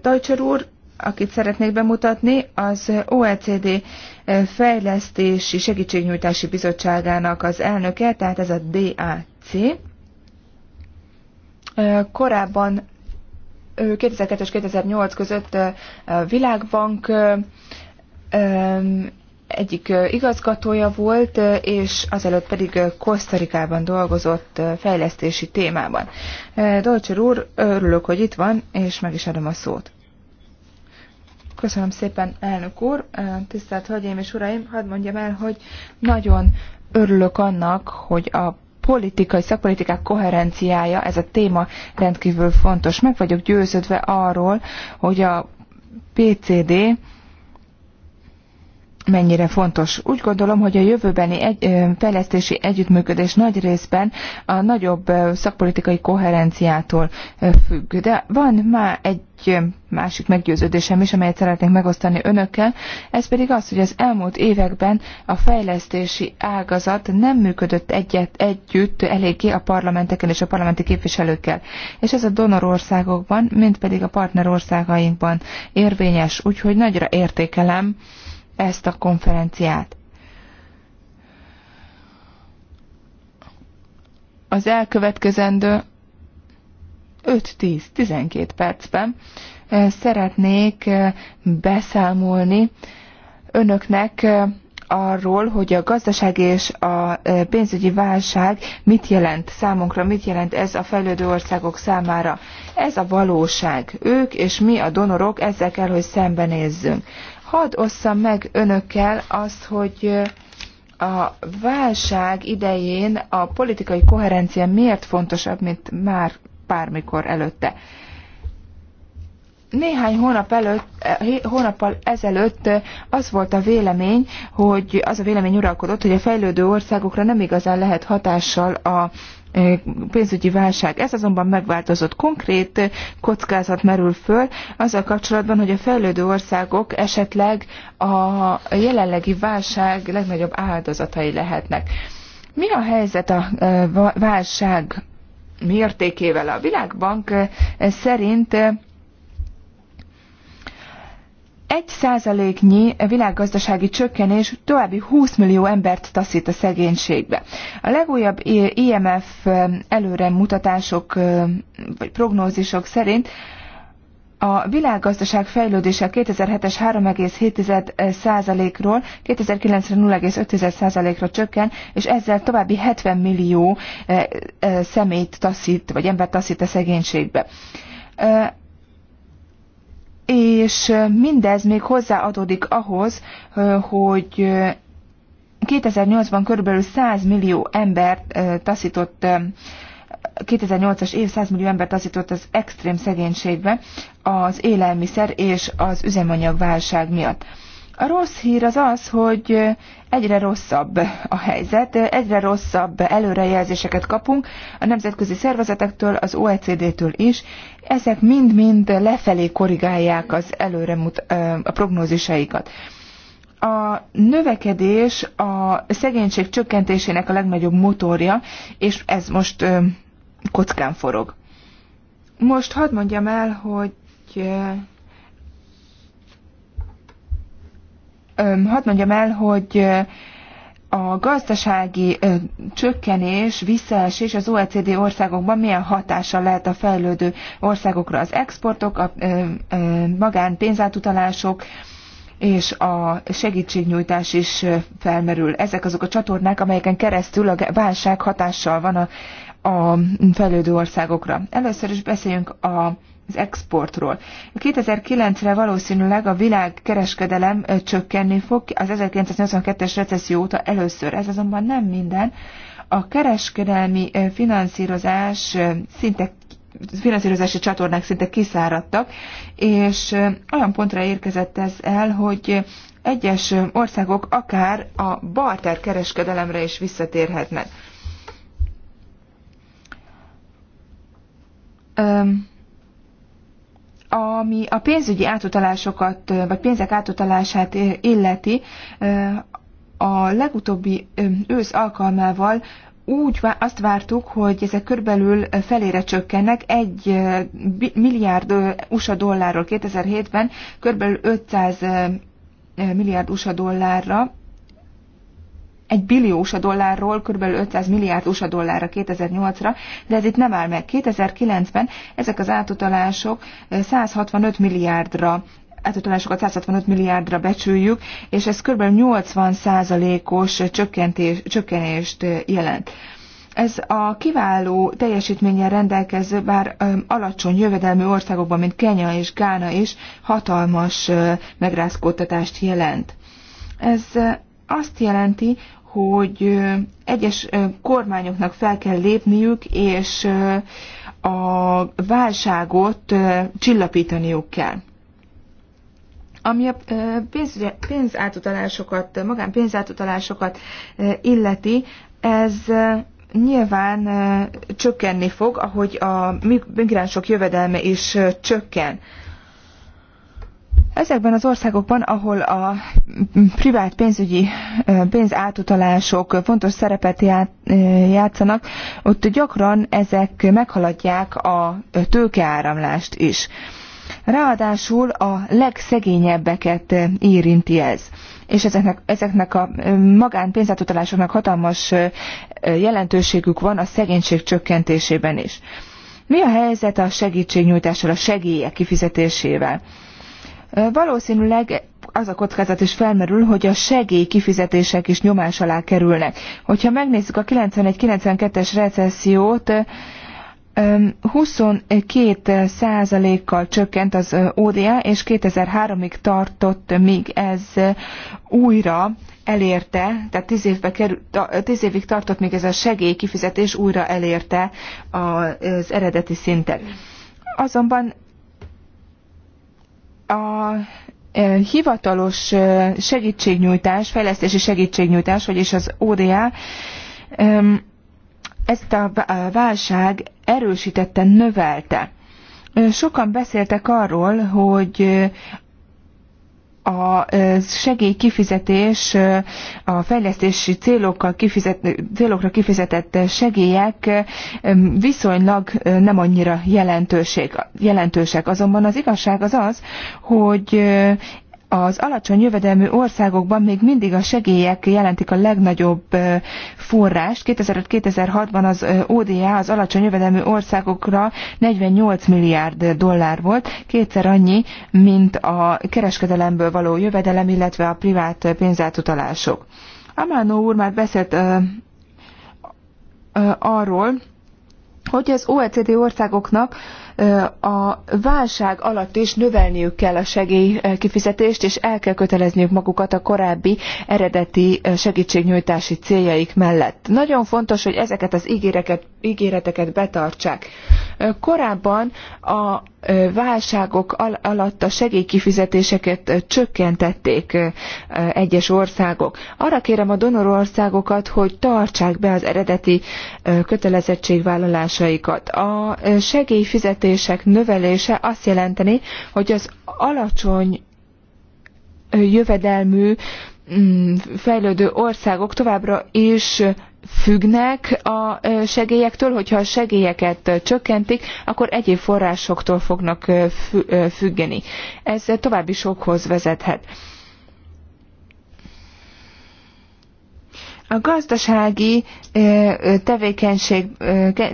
Deutscher úr, akit szeretnék bemutatni, az OECD Fejlesztési Segítségnyújtási Bizottságának az elnöke, tehát ez a DAC. Korábban 2002 és 2008 között a Világbank egyik igazgatója volt, és azelőtt pedig Kosztarikában dolgozott fejlesztési témában. Dolcsor úr, örülök, hogy itt van, és meg is adom a szót. Köszönöm szépen, elnök úr, tisztelt hölgyeim és uraim, hadd mondjam el, hogy nagyon örülök annak, hogy a politikai, szakpolitikák koherenciája, ez a téma rendkívül fontos. Meg vagyok győződve arról, hogy a PCD mennyire fontos. Úgy gondolom, hogy a jövőbeni egy, fejlesztési együttműködés nagy részben a nagyobb szakpolitikai koherenciától függ. De van már egy másik meggyőződésem is, amelyet szeretnék megosztani önökkel, ez pedig az, hogy az elmúlt években a fejlesztési ágazat nem működött egyet, együtt eléggé a parlamenteken és a parlamenti képviselőkkel. És ez a donorországokban, mint pedig a partnerországainkban érvényes, úgyhogy nagyra értékelem, ezt a konferenciát. Az elkövetkezendő 5-10-12 percben eh, szeretnék eh, beszámolni önöknek eh, arról, hogy a gazdaság és a pénzügyi válság mit jelent számunkra, mit jelent ez a fejlődő országok számára. Ez a valóság. Ők és mi a donorok, ezzel kell, hogy szembenézzünk. Hadd osszam meg önökkel azt, hogy a válság idején a politikai koherencia miért fontosabb, mint már pármikor előtte. Néhány hónap előtt, eh, hónappal ezelőtt eh, az volt a vélemény, hogy az a vélemény uralkodott, hogy a fejlődő országokra nem igazán lehet hatással a pénzügyi válság. Ez azonban megváltozott. Konkrét kockázat merül föl azzal kapcsolatban, hogy a fejlődő országok esetleg a jelenlegi válság legnagyobb áldozatai lehetnek. Mi a helyzet a válság mértékével? A Világbank szerint egy százaléknyi világgazdasági csökkenés további 20 millió embert taszít a szegénységbe. A legújabb IMF előremutatások vagy prognózisok szerint a világgazdaság fejlődése 2007-es 3,7%-ról 2009-re 0,5%-ra csökken, és ezzel további 70 millió személyt taszít, vagy ember taszít a szegénységbe és mindez még hozzáadódik ahhoz, hogy 2008-ban körülbelül 100 millió ember taszított 2008-as év 100 millió ember taszított az extrém szegénységbe az élelmiszer és az üzemanyag válság miatt. A rossz hír az az, hogy egyre rosszabb a helyzet, egyre rosszabb előrejelzéseket kapunk a nemzetközi szervezetektől, az OECD-től is. Ezek mind-mind lefelé korrigálják az előre a prognózisaikat. A növekedés a szegénység csökkentésének a legnagyobb motorja, és ez most kockán forog. Most hadd mondjam el, hogy hadd mondjam el, hogy a gazdasági ö, csökkenés, visszaesés az OECD országokban milyen hatása lehet a fejlődő országokra az exportok, a ö, ö, magánpénzátutalások és a segítségnyújtás is felmerül. Ezek azok a csatornák, amelyeken keresztül a válság hatással van a, a fejlődő országokra. Először is beszéljünk a az exportról. 2009-re valószínűleg a világkereskedelem csökkenni fog, az 1982-es recesszió óta először. Ez azonban nem minden. A kereskedelmi finanszírozás szinte finanszírozási csatornák szinte kiszáradtak, és olyan pontra érkezett ez el, hogy egyes országok akár a barter kereskedelemre is visszatérhetnek. Um, ami a pénzügyi átutalásokat, vagy pénzek átutalását illeti, a legutóbbi ősz alkalmával úgy azt vártuk, hogy ezek körülbelül felére csökkennek, egy milliárd USA dollárról 2007-ben körülbelül 500 milliárd USA dollárra egy billiós a dollárról kb. 500 milliárd USA dollárra 2008-ra, de ez itt nem áll meg. 2009-ben ezek az átutalások 165 eh, milliárdra átutalásokat 165 milliárdra becsüljük, és ez kb. 80 os csökkenést eh, jelent. Ez a kiváló teljesítménnyel rendelkező, bár eh, alacsony jövedelmű országokban, mint Kenya és Gána is hatalmas megrázkódtatást jelent. Ez azt jelenti, hogy egyes kormányoknak fel kell lépniük, és a válságot csillapítaniuk kell. Ami a pénzátutalásokat, magánpénzátutalásokat illeti, ez nyilván csökkenni fog, ahogy a migránsok jövedelme is csökken. Ezekben az országokban, ahol a privát pénzügyi pénzátutalások fontos szerepet játszanak, ott gyakran ezek meghaladják a tőkeáramlást is. Ráadásul a legszegényebbeket érinti ez és ezeknek, ezeknek a magánpénzátutalásoknak hatalmas jelentőségük van a szegénység csökkentésében is. Mi a helyzet a segítségnyújtással, a segélyek kifizetésével? Valószínűleg az a kockázat is felmerül, hogy a segély kifizetések is nyomás alá kerülnek. Hogyha megnézzük a 91-92-es recessziót, 22 százalékkal csökkent az ODA, és 2003-ig tartott, míg ez újra elérte, tehát 10, évbe kerül, 10 évig tartott, míg ez a segélykifizetés újra elérte az eredeti szintet. Azonban a e, hivatalos e, segítségnyújtás, fejlesztési segítségnyújtás, vagyis az ODA, e, ezt a válság erősítette, növelte. Sokan beszéltek arról, hogy a segély kifizetés, a fejlesztési célokkal kifizet, célokra kifizetett segélyek viszonylag nem annyira jelentőség, jelentősek. Azonban az igazság az az, hogy az alacsony jövedelmű országokban még mindig a segélyek jelentik a legnagyobb forrást. 2005-2006-ban az ODA az alacsony jövedelmű országokra 48 milliárd dollár volt, kétszer annyi, mint a kereskedelemből való jövedelem, illetve a privát pénzátutalások. Amánó úr már beszélt uh, uh, arról, hogy az OECD országoknak a válság alatt is növelniük kell a segélykifizetést, és el kell kötelezniük magukat a korábbi eredeti segítségnyújtási céljaik mellett. Nagyon fontos, hogy ezeket az ígéreket, ígéreteket betartsák. Korábban a válságok alatt a segélykifizetéseket csökkentették egyes országok. Arra kérem a donorországokat, hogy tartsák be az eredeti kötelezettségvállalásaikat. A segélyfizetések növelése azt jelenteni, hogy az alacsony jövedelmű mm, fejlődő országok továbbra is függnek a segélyektől, hogyha a segélyeket csökkentik, akkor egyéb forrásoktól fognak függeni. Ez további sokhoz vezethet. A gazdasági tevékenység,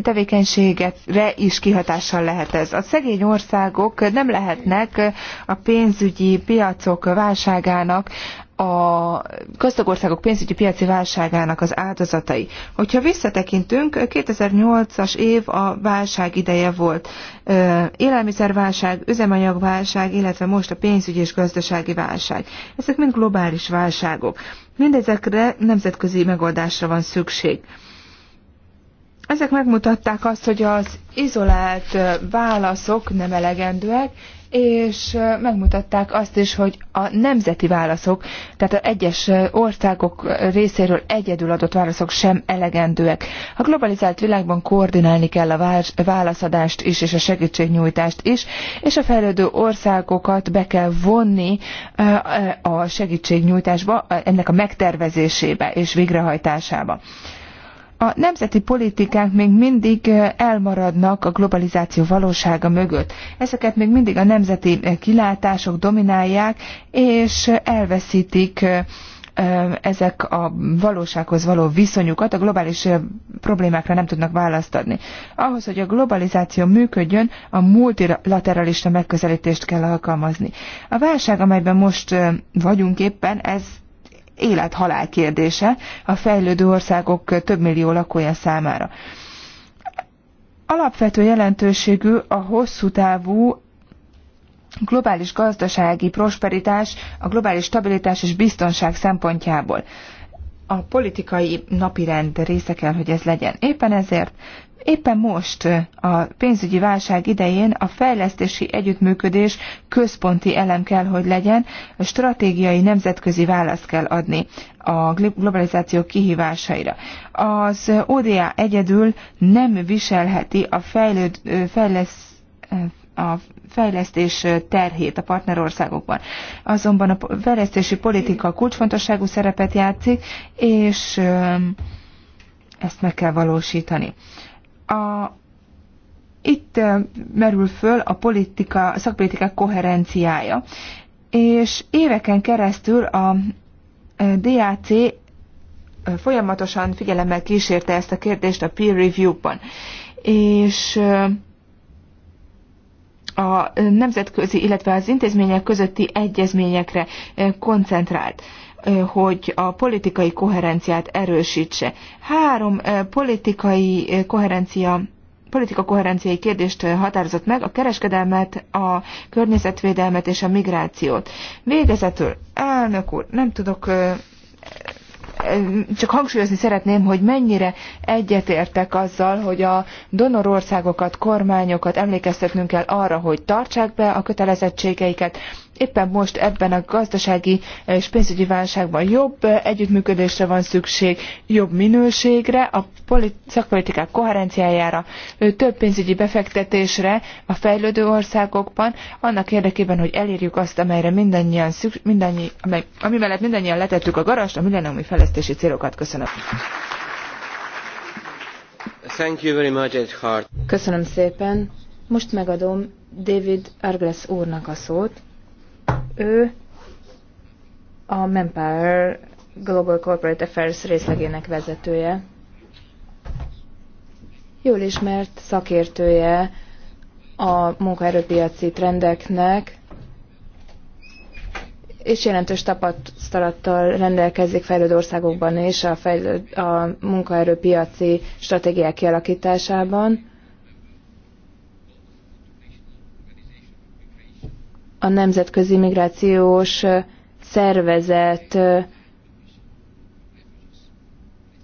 tevékenységre is kihatással lehet ez. A szegény országok nem lehetnek a pénzügyi piacok válságának a gazdag országok pénzügyi piaci válságának az áldozatai. Hogyha visszatekintünk, 2008-as év a válság ideje volt. Élelmiszerválság, üzemanyagválság, illetve most a pénzügyi és gazdasági válság. Ezek mind globális válságok. Mindezekre nemzetközi megoldásra van szükség. Ezek megmutatták azt, hogy az izolált válaszok nem elegendőek, és megmutatták azt is, hogy a nemzeti válaszok, tehát az egyes országok részéről egyedül adott válaszok sem elegendőek. A globalizált világban koordinálni kell a válaszadást is, és a segítségnyújtást is, és a fejlődő országokat be kell vonni a segítségnyújtásba, ennek a megtervezésébe és végrehajtásába. A nemzeti politikák még mindig elmaradnak a globalizáció valósága mögött. Ezeket még mindig a nemzeti kilátások dominálják, és elveszítik ezek a valósághoz való viszonyukat, a globális problémákra nem tudnak választ adni. Ahhoz, hogy a globalizáció működjön, a multilateralista megközelítést kell alkalmazni. A válság, amelyben most vagyunk éppen, ez élet-halál kérdése a fejlődő országok több millió lakója számára. Alapvető jelentőségű a hosszú távú globális gazdasági prosperitás, a globális stabilitás és biztonság szempontjából. A politikai napirend része kell, hogy ez legyen. Éppen ezért Éppen most a pénzügyi válság idején a fejlesztési együttműködés központi elem kell, hogy legyen, A stratégiai nemzetközi választ kell adni a globalizáció kihívásaira. Az ODA egyedül nem viselheti a fejlőd, fejlesz, a fejlesztés terhét a partnerországokban. Azonban a fejlesztési politika kulcsfontosságú szerepet játszik, és ezt meg kell valósítani. A, itt merül föl a politika, a szakpolitika koherenciája, és éveken keresztül a DAC folyamatosan figyelemmel kísérte ezt a kérdést a peer review-ban. És a nemzetközi, illetve az intézmények közötti egyezményekre koncentrált hogy a politikai koherenciát erősítse. Három politikai koherencia politika koherenciai kérdést határozott meg, a kereskedelmet, a környezetvédelmet és a migrációt. Végezetül, elnök úr, nem tudok csak hangsúlyozni szeretném, hogy mennyire egyetértek azzal, hogy a donorországokat, kormányokat emlékeztetnünk kell arra, hogy tartsák be a kötelezettségeiket, éppen most ebben a gazdasági eh, és pénzügyi válságban jobb eh, együttműködésre van szükség, jobb minőségre, a szakpolitikák koherenciájára, eh, több pénzügyi befektetésre a fejlődő országokban, annak érdekében, hogy elérjük azt, amelyre mindannyian szükség, mindannyi, amely, ami mellett hát mindannyian letettük a garast, a millenniumi fejlesztési célokat. Köszönöm. Thank you very much, Ed Köszönöm szépen. Most megadom David Argles úrnak a szót. Ő a Manpower Global Corporate Affairs részlegének vezetője. Jól ismert szakértője a munkaerőpiaci trendeknek, és jelentős tapasztalattal rendelkezik fejlődő országokban és a, a munkaerőpiaci stratégiák kialakításában. a Nemzetközi Migrációs Szervezet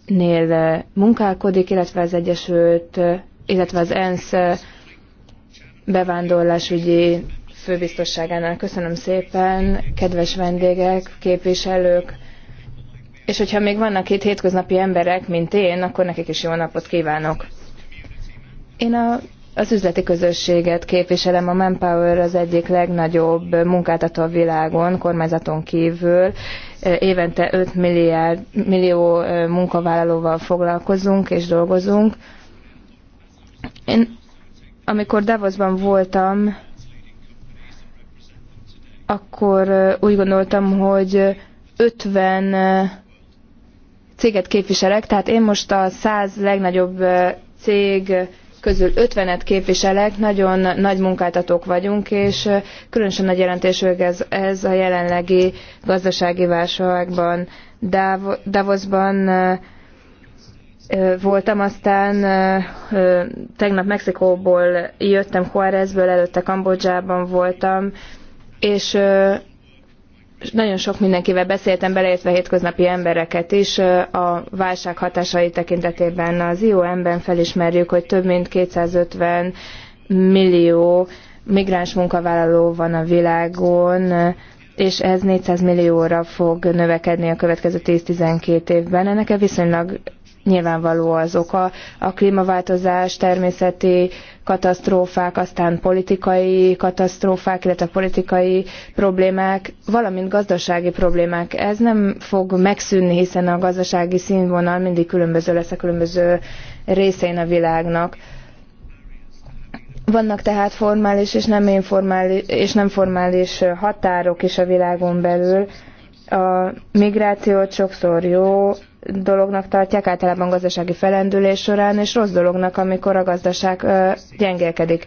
nél munkálkodik, illetve az Egyesült, illetve az ENSZ bevándorlásügyi főbiztosságánál. Köszönöm szépen, kedves vendégek, képviselők, és hogyha még vannak itt hétköznapi emberek, mint én, akkor nekik is jó napot kívánok. Én a az üzleti közösséget képviselem, a Manpower az egyik legnagyobb munkáltató a világon, kormányzaton kívül. Évente 5 milliárd, millió munkavállalóval foglalkozunk és dolgozunk. Én, amikor Davosban voltam, akkor úgy gondoltam, hogy 50 céget képviselek, tehát én most a 100 legnagyobb cég közül 50-et képviselek, nagyon nagy munkáltatók vagyunk, és különösen nagy jelentésűek ez, ez a jelenlegi gazdasági válságban. Davosban voltam, aztán tegnap Mexikóból jöttem, Juárezből, előtte Kambodzsában voltam, és nagyon sok mindenkivel beszéltem, beleértve hétköznapi embereket is, a válság hatásai tekintetében az IOM-ben felismerjük, hogy több mint 250 millió migráns munkavállaló van a világon, és ez 400 millióra fog növekedni a következő 10-12 évben. Ennek egy viszonylag nyilvánvaló az oka. A klímaváltozás, természeti katasztrófák, aztán politikai katasztrófák, illetve politikai problémák, valamint gazdasági problémák. Ez nem fog megszűnni, hiszen a gazdasági színvonal mindig különböző lesz a különböző részein a világnak. Vannak tehát formális és nem, informális, és nem formális határok is a világon belül. A migrációt sokszor jó, dolognak tartják általában gazdasági felendülés során, és rossz dolognak, amikor a gazdaság gyengélkedik.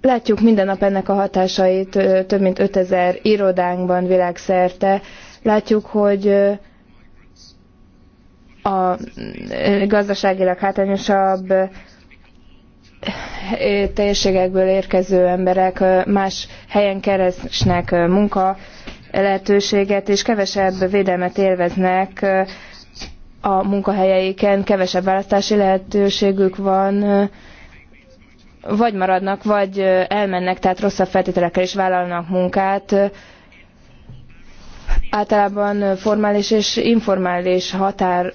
Látjuk minden nap ennek a hatásait több mint 5000 irodánkban világszerte. Látjuk, hogy a gazdaságilag hátrányosabb teljességekből érkező emberek más helyen keresnek munka lehetőséget, és kevesebb védelmet élveznek a munkahelyeiken, kevesebb választási lehetőségük van, vagy maradnak, vagy elmennek, tehát rosszabb feltételekkel is vállalnak munkát. Általában formális és informális határ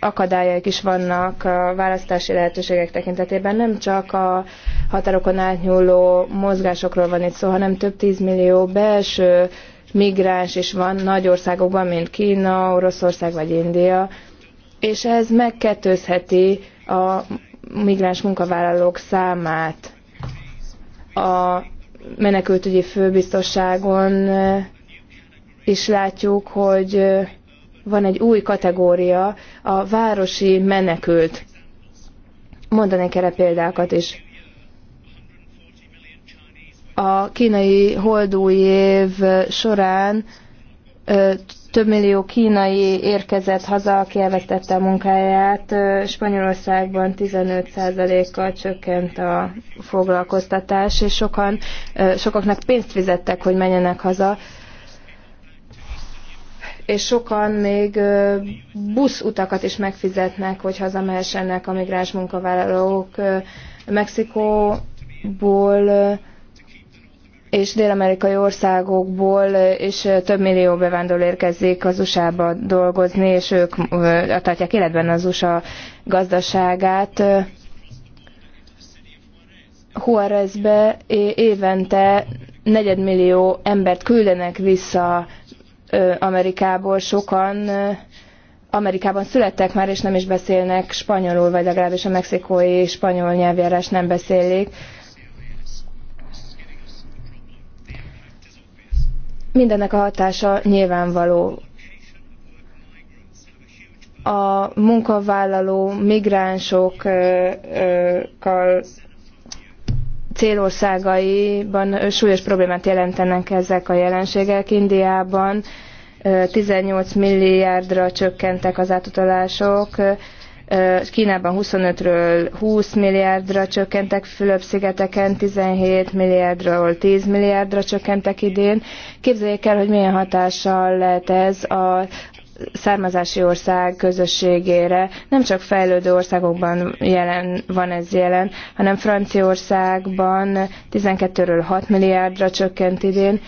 akadályaik is vannak a választási lehetőségek tekintetében. Nem csak a határokon átnyúló mozgásokról van itt szó, hanem több tízmillió belső migráns is van nagy országokban, mint Kína, Oroszország vagy India, és ez megkettőzheti a migráns munkavállalók számát. A menekültügyi főbiztosságon eh, is látjuk, hogy eh, van egy új kategória, a városi menekült. Mondanék erre példákat is a kínai holdúj év során több millió kínai érkezett haza, aki elvetette a munkáját. Spanyolországban 15%-kal csökkent a foglalkoztatás, és sokan, sokaknak pénzt fizettek, hogy menjenek haza. És sokan még buszutakat is megfizetnek, hogy hazamehessenek a migráns munkavállalók. Mexikóból és dél-amerikai országokból és több millió bevándorló érkezik az USA-ba dolgozni, és ők tartják életben az USA gazdaságát. Juarezbe évente negyedmillió embert küldenek vissza Amerikából, sokan Amerikában születtek már, és nem is beszélnek spanyolul, vagy legalábbis a mexikói spanyol nyelvjárás nem beszélik Mindennek a hatása nyilvánvaló. A munkavállaló migránsokkal célországaiban súlyos problémát jelentenek ezek a jelenségek. Indiában 18 milliárdra csökkentek az átutalások, Kínában 25-ről 20 milliárdra csökkentek, Fülöp-szigeteken 17 milliárdról 10 milliárdra csökkentek idén. Képzeljék el, hogy milyen hatással lehet ez a származási ország közösségére. Nem csak fejlődő országokban jelen, van ez jelen, hanem Franciaországban 12-ről 6 milliárdra csökkent idén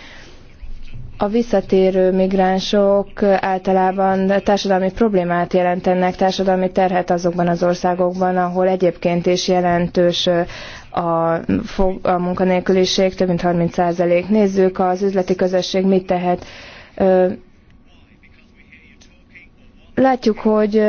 a visszatérő migránsok általában társadalmi problémát jelentenek, társadalmi terhet azokban az országokban, ahol egyébként is jelentős a, a munkanélküliség, több mint 30%. Nézzük, az üzleti közösség mit tehet. Látjuk, hogy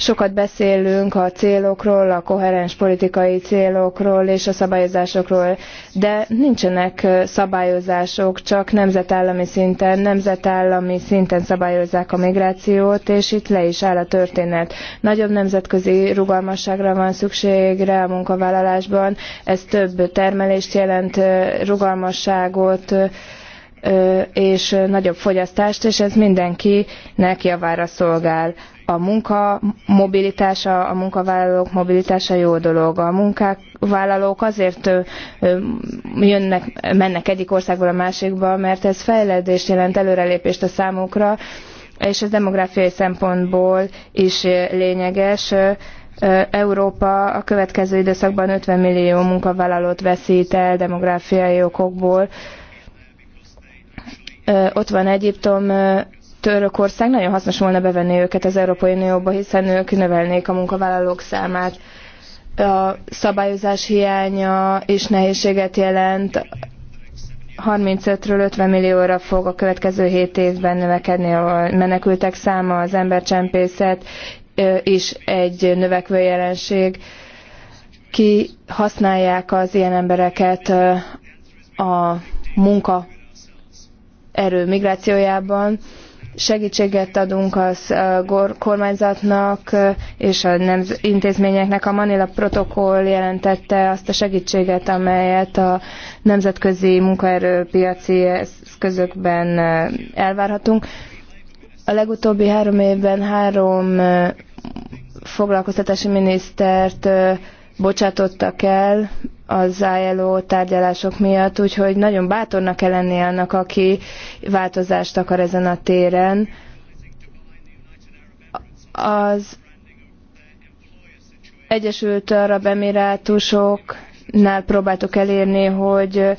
Sokat beszélünk a célokról, a koherens politikai célokról és a szabályozásokról, de nincsenek szabályozások, csak nemzetállami szinten, nemzetállami szinten szabályozzák a migrációt, és itt le is áll a történet. Nagyobb nemzetközi rugalmasságra van szükségre a munkavállalásban, ez több termelést jelent, rugalmasságot, és nagyobb fogyasztást, és ez mindenkinek javára szolgál a munka mobilitása, a munkavállalók mobilitása jó dolog. A munkavállalók azért jönnek, mennek egyik országból a másikba, mert ez fejlődést jelent, előrelépést a számukra, és ez demográfiai szempontból is lényeges. Európa a következő időszakban 50 millió munkavállalót veszít el demográfiai okokból. Ott van Egyiptom, Törökország nagyon hasznos volna bevenni őket az Európai Unióba, hiszen ők növelnék a munkavállalók számát. A szabályozás hiánya és nehézséget jelent. 35-ről 50 millióra fog a következő 7 évben növekedni a menekültek száma, az embercsempészet is egy növekvő jelenség. Ki használják az ilyen embereket a munka erő migrációjában segítséget adunk az kormányzatnak és a nem intézményeknek. A Manila protokoll jelentette azt a segítséget, amelyet a nemzetközi munkaerőpiaci eszközökben elvárhatunk. A legutóbbi három évben három foglalkoztatási minisztert bocsátottak el az ILO tárgyalások miatt, úgyhogy nagyon bátornak kell lenni annak, aki változást akar ezen a téren. Az Egyesült Arab Emirátusoknál próbáltuk elérni, hogy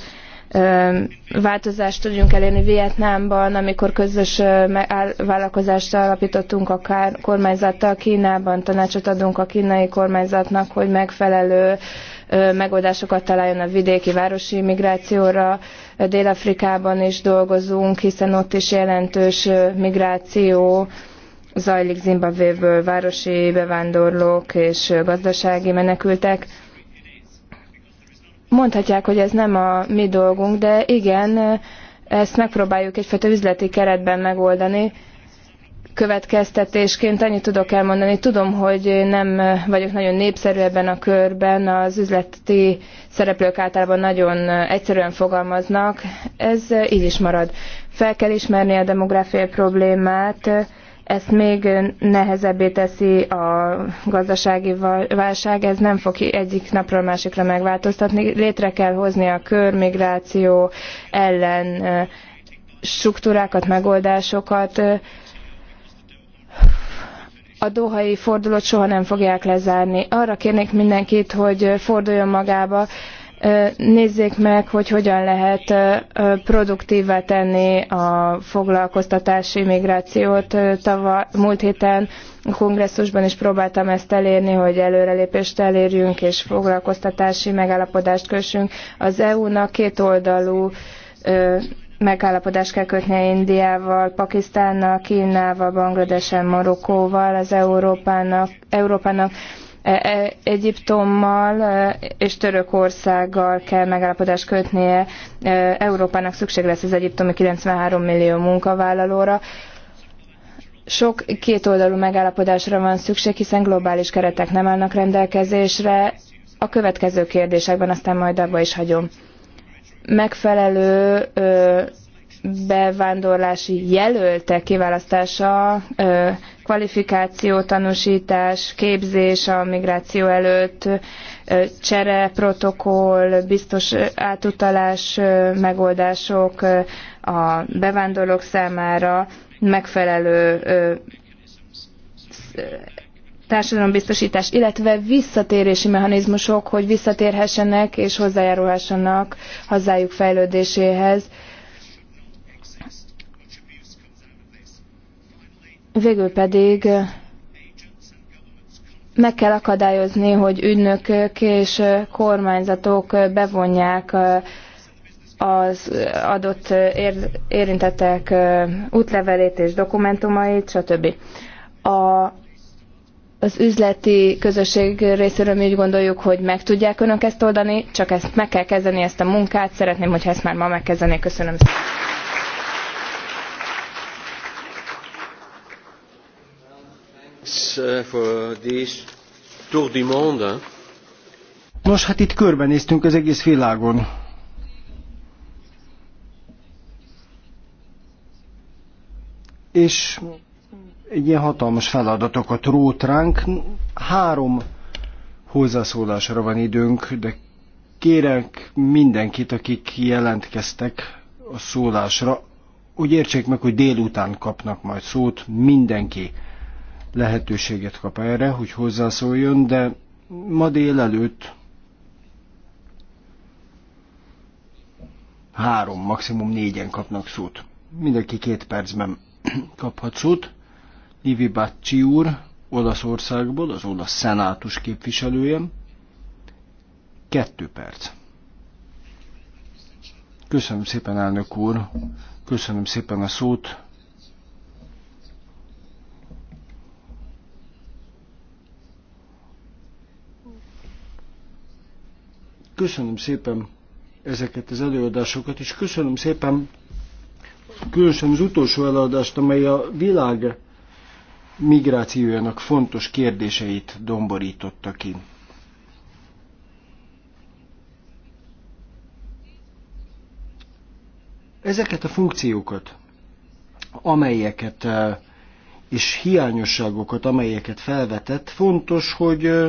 változást tudjunk elérni Vietnámban, amikor közös vállalkozást alapítottunk a kormányzattal, Kínában tanácsot adunk a kínai kormányzatnak, hogy megfelelő megoldásokat találjon a vidéki városi migrációra. Dél-Afrikában is dolgozunk, hiszen ott is jelentős migráció zajlik Zimbabvéből városi bevándorlók és gazdasági menekültek mondhatják, hogy ez nem a mi dolgunk, de igen, ezt megpróbáljuk egyfajta üzleti keretben megoldani. Következtetésként annyit tudok elmondani. Tudom, hogy nem vagyok nagyon népszerű ebben a körben, az üzleti szereplők általában nagyon egyszerűen fogalmaznak. Ez így is marad. Fel kell ismerni a demográfiai problémát, ezt még nehezebbé teszi a gazdasági válság, ez nem fog egyik napról másikra megváltoztatni. Létre kell hozni a körmigráció ellen struktúrákat, megoldásokat. A dohai fordulót soha nem fogják lezárni. Arra kérnék mindenkit, hogy forduljon magába, Nézzék meg, hogy hogyan lehet produktívá tenni a foglalkoztatási migrációt. Tava, múlt héten a kongresszusban is próbáltam ezt elérni, hogy előrelépést elérjünk és foglalkoztatási megállapodást kössünk. Az EU-nak két oldalú megállapodást kell kötnie Indiával, Pakisztánnal, Kínával, Bangladesen, Marokkóval, az Európának, Európának E, e, Egyiptommal e, és Törökországgal kell megállapodást kötnie. Európának szükség lesz az egyiptomi 93 millió munkavállalóra. Sok kétoldalú megállapodásra van szükség, hiszen globális keretek nem állnak rendelkezésre. A következő kérdésekben aztán majd abba is hagyom. Megfelelő bevándorlási jelöltek kiválasztása, kvalifikáció, tanúsítás, képzés a migráció előtt, csere, protokoll, biztos átutalás megoldások a bevándorlók számára, megfelelő társadalombiztosítás, illetve visszatérési mechanizmusok, hogy visszatérhessenek és hozzájárulhassanak hazájuk fejlődéséhez Végül pedig meg kell akadályozni, hogy ügynökök és kormányzatok bevonják az adott érintettek útlevelét és dokumentumait, stb. A, az üzleti közösség részéről mi úgy gondoljuk, hogy meg tudják önök ezt oldani, csak ezt meg kell kezdeni, ezt a munkát. Szeretném, hogyha ezt már ma megkezdenék. Köszönöm szépen. Nos, hát itt körbenéztünk az egész világon. És egy ilyen hatalmas feladatokat rót ránk. Három hozzászólásra van időnk, de kérek mindenkit, akik jelentkeztek a szólásra, úgy értsék meg, hogy délután kapnak majd szót mindenki lehetőséget kap erre, hogy hozzászóljon, de ma délelőtt három, maximum négyen kapnak szót. Mindenki két percben kaphat szót. Livi Bacci úr, Olaszországból, az olasz szenátus képviselője. Kettő perc. Köszönöm szépen, elnök úr. Köszönöm szépen a szót. Köszönöm szépen ezeket az előadásokat, és köszönöm szépen különösen az utolsó előadást, amely a világ migrációjának fontos kérdéseit domborította ki. Ezeket a funkciókat, amelyeket eh, és hiányosságokat, amelyeket felvetett, fontos, hogy eh,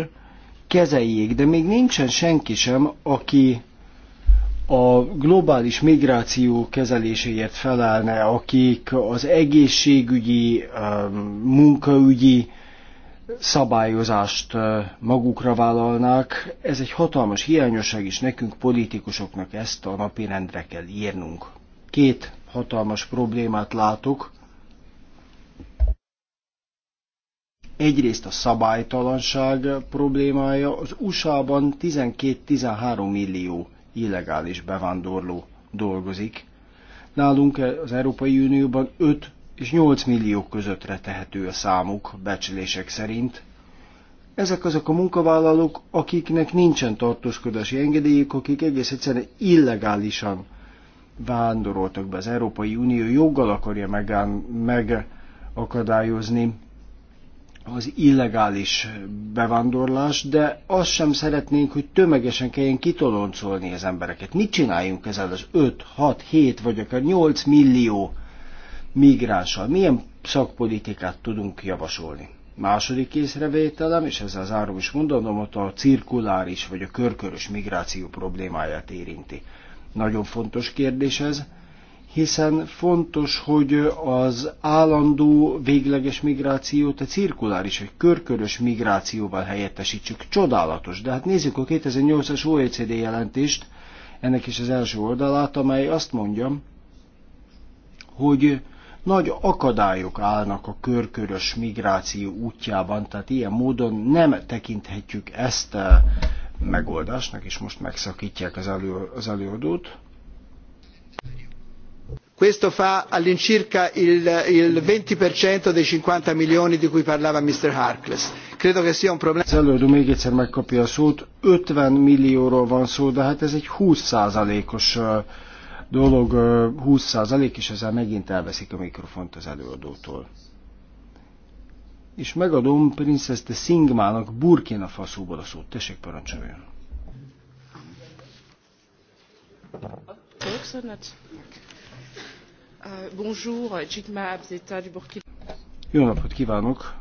kezeljék, de még nincsen senki sem, aki a globális migráció kezeléséért felelne, akik az egészségügyi, um, munkaügyi szabályozást uh, magukra vállalnák. Ez egy hatalmas hiányosság, és nekünk politikusoknak ezt a napirendre kell írnunk. Két hatalmas problémát látok Egyrészt a szabálytalanság problémája, az USA-ban 12-13 millió illegális bevándorló dolgozik. Nálunk az Európai Unióban 5 és 8 millió közöttre tehető a számuk becslések szerint. Ezek azok a munkavállalók, akiknek nincsen tartózkodási engedélyük, akik egész egyszerűen illegálisan vándoroltak be. Az Európai Unió joggal akarja megán, megakadályozni az illegális bevándorlás, de azt sem szeretnénk, hogy tömegesen kelljen kitoloncolni az embereket. Mit csináljunk ezzel az 5, 6, 7 vagy akár 8 millió migránssal? Milyen szakpolitikát tudunk javasolni? Második észrevételem, és ezzel zárom is mondanom, hogy a cirkuláris vagy a körkörös migráció problémáját érinti. Nagyon fontos kérdés ez, hiszen fontos, hogy az állandó végleges migrációt a cirkuláris vagy körkörös migrációval helyettesítsük. Csodálatos. De hát nézzük a 2008-as OECD jelentést, ennek is az első oldalát, amely azt mondja, hogy nagy akadályok állnak a körkörös migráció útjában, tehát ilyen módon nem tekinthetjük ezt a eh, megoldásnak, és most megszakítják az, elő, az előadót questo fa all'incirca il venti per cento dei cinquanta milioni di cui parlava mr harkless. credo che sia un problema. az előadó még egyszer megkapja a szót 50 millióról van szó de hát ez egy 20 százalékos dolog 20 százalék és ezzel megint elveszik a mikrofont az előadótól. És megadom Princess de Szingmának Burkina Faszóból a szót. Tessék parancsoljon. Köszönöm. Euh, bonjour, Jigma Abzeta du Burkina. Jó napot kívánok!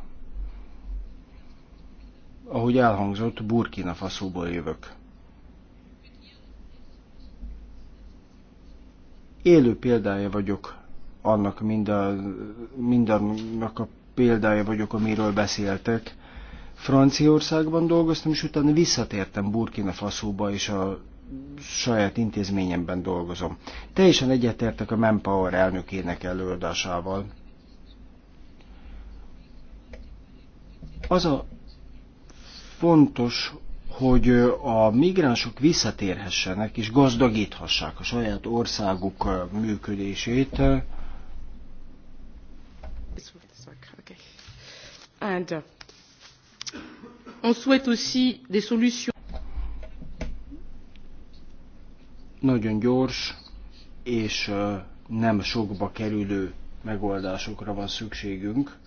Ahogy elhangzott, Burkina Faszóból jövök. Élő példája vagyok annak minden, mindannak a példája vagyok, amiről beszéltek. Franciaországban dolgoztam, és utána visszatértem Burkina Faszóba, és a saját intézményemben dolgozom. Teljesen egyetértek a Manpower elnökének előadásával. Az a fontos, hogy a migránsok visszatérhessenek és gazdagíthassák a saját országuk működését. And, uh, on souhaite aussi des solutions. nagyon gyors és nem sokba kerülő megoldásokra van szükségünk,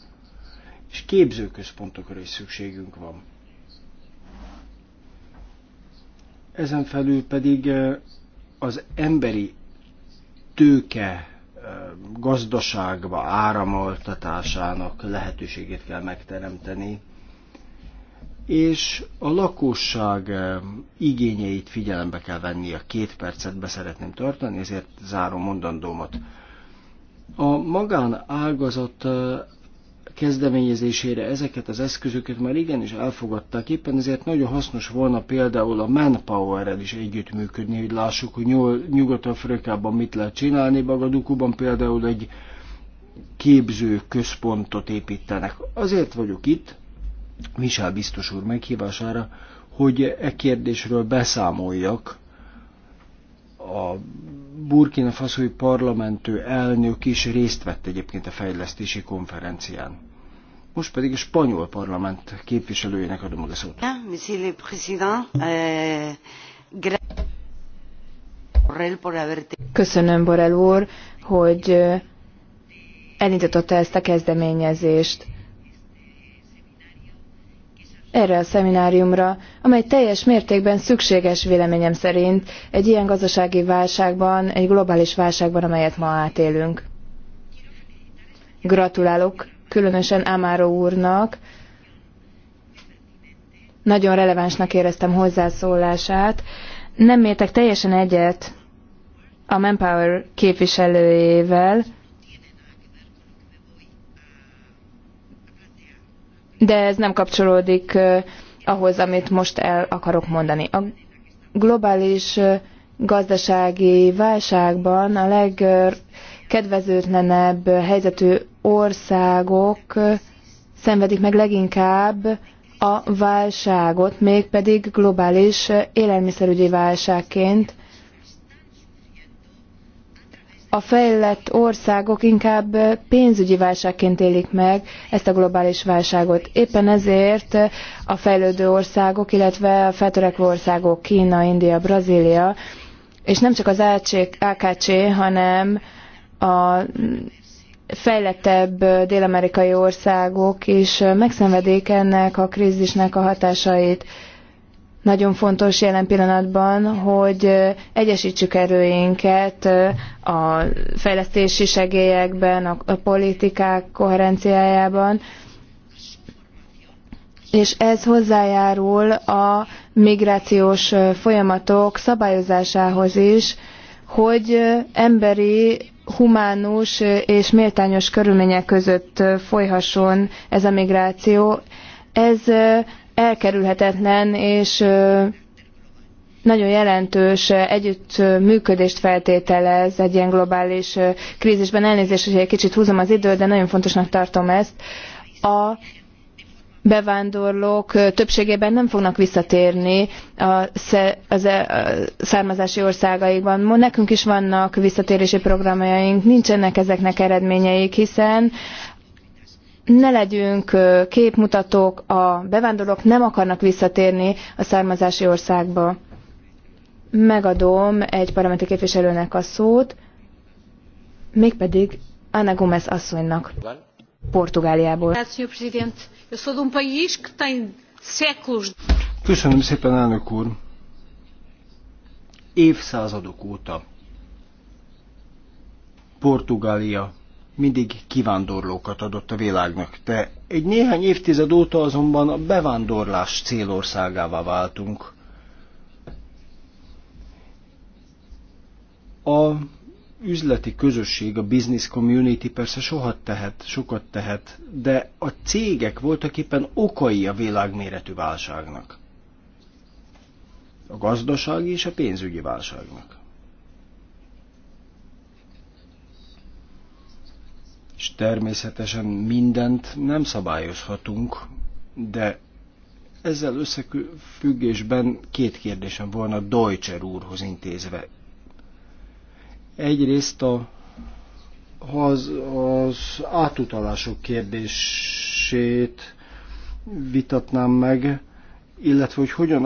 és képzőközpontokra is szükségünk van. Ezen felül pedig az emberi tőke gazdaságba áramoltatásának lehetőségét kell megteremteni, és a lakosság eh, igényeit figyelembe kell venni, a két percet be szeretném tartani, ezért zárom mondandómat. A magánágazat eh, kezdeményezésére ezeket az eszközöket már igenis elfogadták, éppen ezért nagyon hasznos volna például a Manpower-rel is együttműködni, hogy lássuk, hogy Nyugat-Afrikában mit lehet csinálni, Bagadukuban például egy képző központot építenek. Azért vagyok itt, Misál biztos úr meghívására, hogy e kérdésről beszámoljak. A Burkina Faszói parlamentő elnök is részt vett egyébként a fejlesztési konferencián. Most pedig a spanyol parlament képviselőjének adom a szót. Euh, Köszönöm, Borel úr, hogy euh, elindította ezt a kezdeményezést erre a szemináriumra, amely teljes mértékben szükséges véleményem szerint egy ilyen gazdasági válságban, egy globális válságban, amelyet ma átélünk. Gratulálok különösen Amaro úrnak. Nagyon relevánsnak éreztem hozzászólását. Nem mértek teljesen egyet a Manpower képviselőjével, de ez nem kapcsolódik ahhoz, amit most el akarok mondani. A globális gazdasági válságban a legkedvezőtlenebb helyzetű országok szenvedik meg leginkább a válságot, mégpedig globális élelmiszerügyi válságként, a fejlett országok inkább pénzügyi válságként élik meg ezt a globális válságot. Éppen ezért a fejlődő országok, illetve a feltörekvő országok, Kína, India, Brazília, és nem csak az AKC, hanem a fejlettebb dél-amerikai országok is megszenvedik ennek a krízisnek a hatásait nagyon fontos jelen pillanatban, hogy egyesítsük erőinket a fejlesztési segélyekben, a politikák koherenciájában, és ez hozzájárul a migrációs folyamatok szabályozásához is, hogy emberi, humánus és méltányos körülmények között folyhasson ez a migráció. Ez elkerülhetetlen és nagyon jelentős együttműködést feltételez egy ilyen globális krízisben. Elnézést, hogy egy kicsit húzom az időt, de nagyon fontosnak tartom ezt. A bevándorlók többségében nem fognak visszatérni a, az e, származási országaikban. Nekünk is vannak visszatérési programjaink, nincsenek ezeknek eredményeik, hiszen ne legyünk képmutatók, a bevándorlók nem akarnak visszatérni a származási országba. Megadom egy parlamenti képviselőnek a szót, mégpedig Ana Gomez asszonynak, Portugáliából. Um Köszönöm szépen, elnök úr! Évszázadok óta Portugália mindig kivándorlókat adott a világnak. De egy néhány évtized óta azonban a bevándorlás célországává váltunk. A üzleti közösség, a business community persze soha tehet, sokat tehet, de a cégek voltak éppen okai a világméretű válságnak. A gazdasági és a pénzügyi válságnak. és természetesen mindent nem szabályozhatunk, de ezzel összefüggésben két kérdésem volna Deutscher úrhoz intézve. Egyrészt a, az, az átutalások kérdését vitatnám meg, illetve hogy hogyan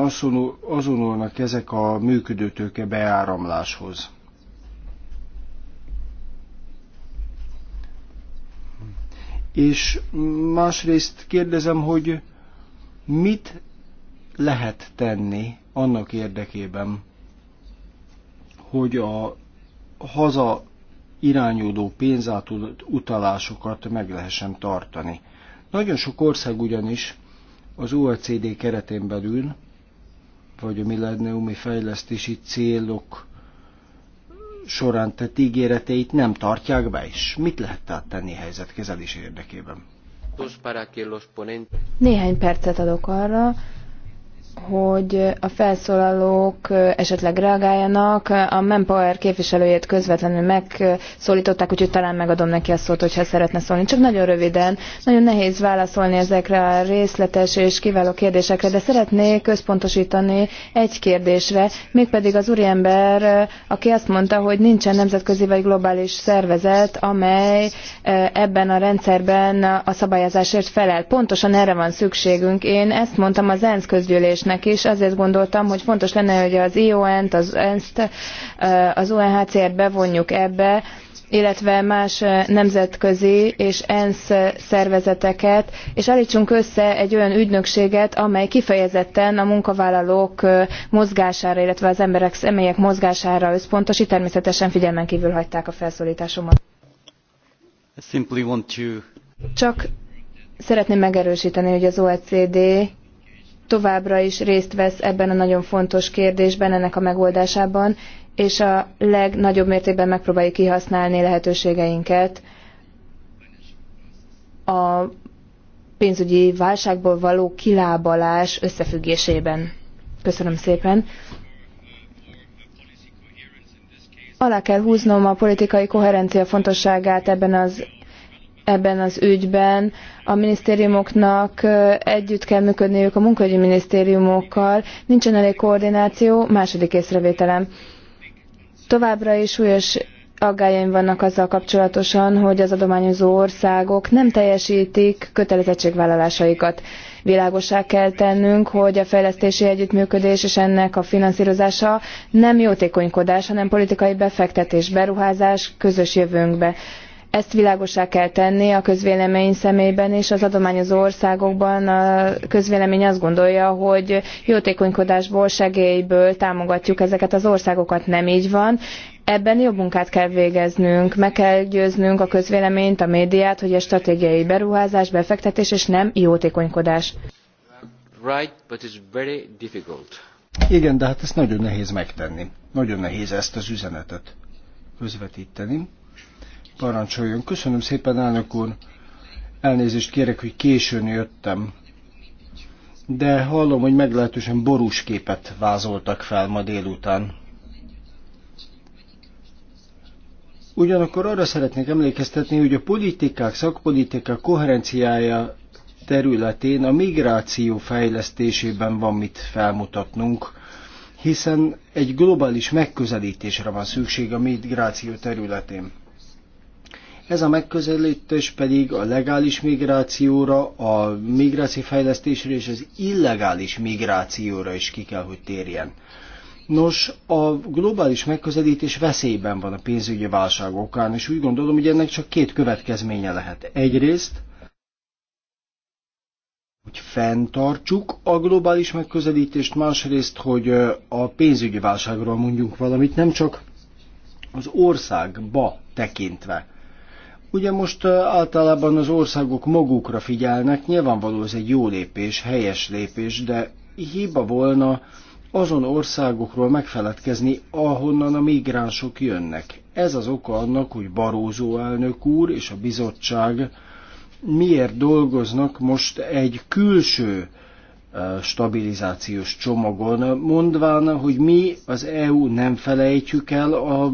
azonulnak ezek a működőtőke beáramláshoz. és másrészt kérdezem, hogy mit lehet tenni annak érdekében, hogy a haza irányuló pénzátutalásokat meg lehessen tartani. Nagyon sok ország ugyanis az OECD keretén belül, vagy a milleniumi fejlesztési célok során tett ígéreteit nem tartják be, és mit lehet tehát tenni helyzet kezelése érdekében? Néhány percet adok arra, hogy a felszólalók esetleg reagáljanak. A Manpower képviselőjét közvetlenül megszólították, úgyhogy talán megadom neki a szót, hogyha szeretne szólni. Csak nagyon röviden, nagyon nehéz válaszolni ezekre a részletes és kiváló kérdésekre, de szeretnék központosítani egy kérdésre, mégpedig az úriember, aki azt mondta, hogy nincsen nemzetközi vagy globális szervezet, amely e, ebben a rendszerben a szabályozásért felel. Pontosan erre van szükségünk. Én ezt mondtam az ENSZ közgyűlésnek, jelentésnek is. Azért gondoltam, hogy fontos lenne, hogy az ION-t, az ENSZ-t, az UNHCR-t bevonjuk ebbe, illetve más nemzetközi és ENSZ szervezeteket, és állítsunk össze egy olyan ügynökséget, amely kifejezetten a munkavállalók mozgására, illetve az emberek személyek mozgására összpontosít. Természetesen figyelmen kívül hagyták a felszólításomat. Csak szeretném megerősíteni, hogy az OECD továbbra is részt vesz ebben a nagyon fontos kérdésben, ennek a megoldásában, és a legnagyobb mértékben megpróbáljuk kihasználni lehetőségeinket a pénzügyi válságból való kilábalás összefüggésében. Köszönöm szépen. Alá kell húznom a politikai koherencia fontosságát ebben az ebben az ügyben. A minisztériumoknak együtt kell működniük a munkahogyi minisztériumokkal. Nincsen elég koordináció, második észrevételem. Továbbra is súlyos aggályaim vannak azzal kapcsolatosan, hogy az adományozó országok nem teljesítik kötelezettségvállalásaikat. Világosá kell tennünk, hogy a fejlesztési együttműködés és ennek a finanszírozása nem jótékonykodás, hanem politikai befektetés, beruházás közös jövőnkbe. Ezt világosá kell tenni a közvélemény szemében és az adományozó országokban a közvélemény azt gondolja, hogy jótékonykodásból, segélyből támogatjuk ezeket az országokat. Nem így van. Ebben jobb munkát kell végeznünk, meg kell győznünk a közvéleményt, a médiát, hogy a stratégiai beruházás, befektetés és nem jótékonykodás. Right, but it's very difficult. Igen, de hát ezt nagyon nehéz megtenni. Nagyon nehéz ezt az üzenetet közvetíteni. Parancsoljon. Köszönöm szépen, elnök úr. Elnézést kérek, hogy későn jöttem. De hallom, hogy meglehetősen borús képet vázoltak fel ma délután. Ugyanakkor arra szeretnék emlékeztetni, hogy a politikák, szakpolitika koherenciája területén a migráció fejlesztésében van mit felmutatnunk, hiszen egy globális megközelítésre van szükség a migráció területén. Ez a megközelítés pedig a legális migrációra, a fejlesztésre és az illegális migrációra is ki kell, hogy térjen. Nos, a globális megközelítés veszélyben van a pénzügyi válság okán, és úgy gondolom, hogy ennek csak két következménye lehet. Egyrészt, hogy fenntartsuk a globális megközelítést, másrészt, hogy a pénzügyi válságról mondjunk valamit, nem csak az országba tekintve Ugye most általában az országok magukra figyelnek, nyilvánvaló ez egy jó lépés, helyes lépés, de hiba volna azon országokról megfeledkezni, ahonnan a migránsok jönnek. Ez az oka annak, hogy Barózó elnök úr és a bizottság miért dolgoznak most egy külső stabilizációs csomagon, mondván, hogy mi az EU nem felejtjük el a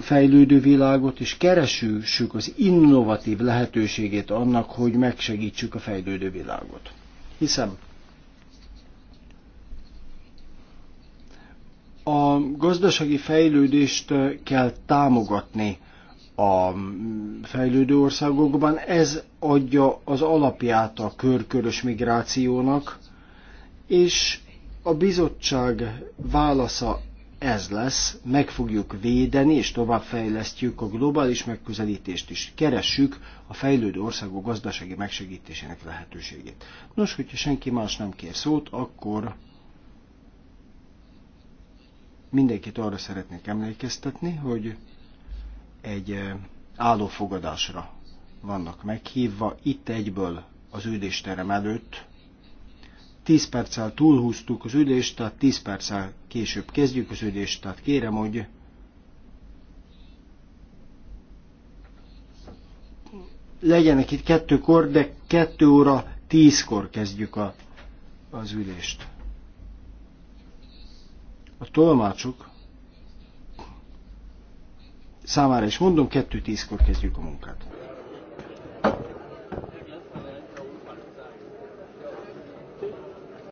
fejlődő világot, és keresősük az innovatív lehetőségét annak, hogy megsegítsük a fejlődő világot. Hiszem, a gazdasági fejlődést kell támogatni a fejlődő országokban, ez adja az alapját a körkörös migrációnak, és a bizottság válasza ez lesz, meg fogjuk védeni és továbbfejlesztjük a globális megközelítést is. Keressük a fejlődő országok gazdasági megsegítésének lehetőségét. Nos, hogyha senki más nem kér szót, akkor mindenkit arra szeretnék emlékeztetni, hogy egy eh, állófogadásra vannak meghívva, itt egyből az üdésterem előtt 10 perccel túlhúztuk az ülést, tehát 10 perccel később kezdjük az ülést, tehát kérem, hogy legyenek itt kettőkor, de kettő óra tízkor kezdjük a, az ülést. A tolmácsok számára is mondom, kettő tízkor kezdjük a munkát.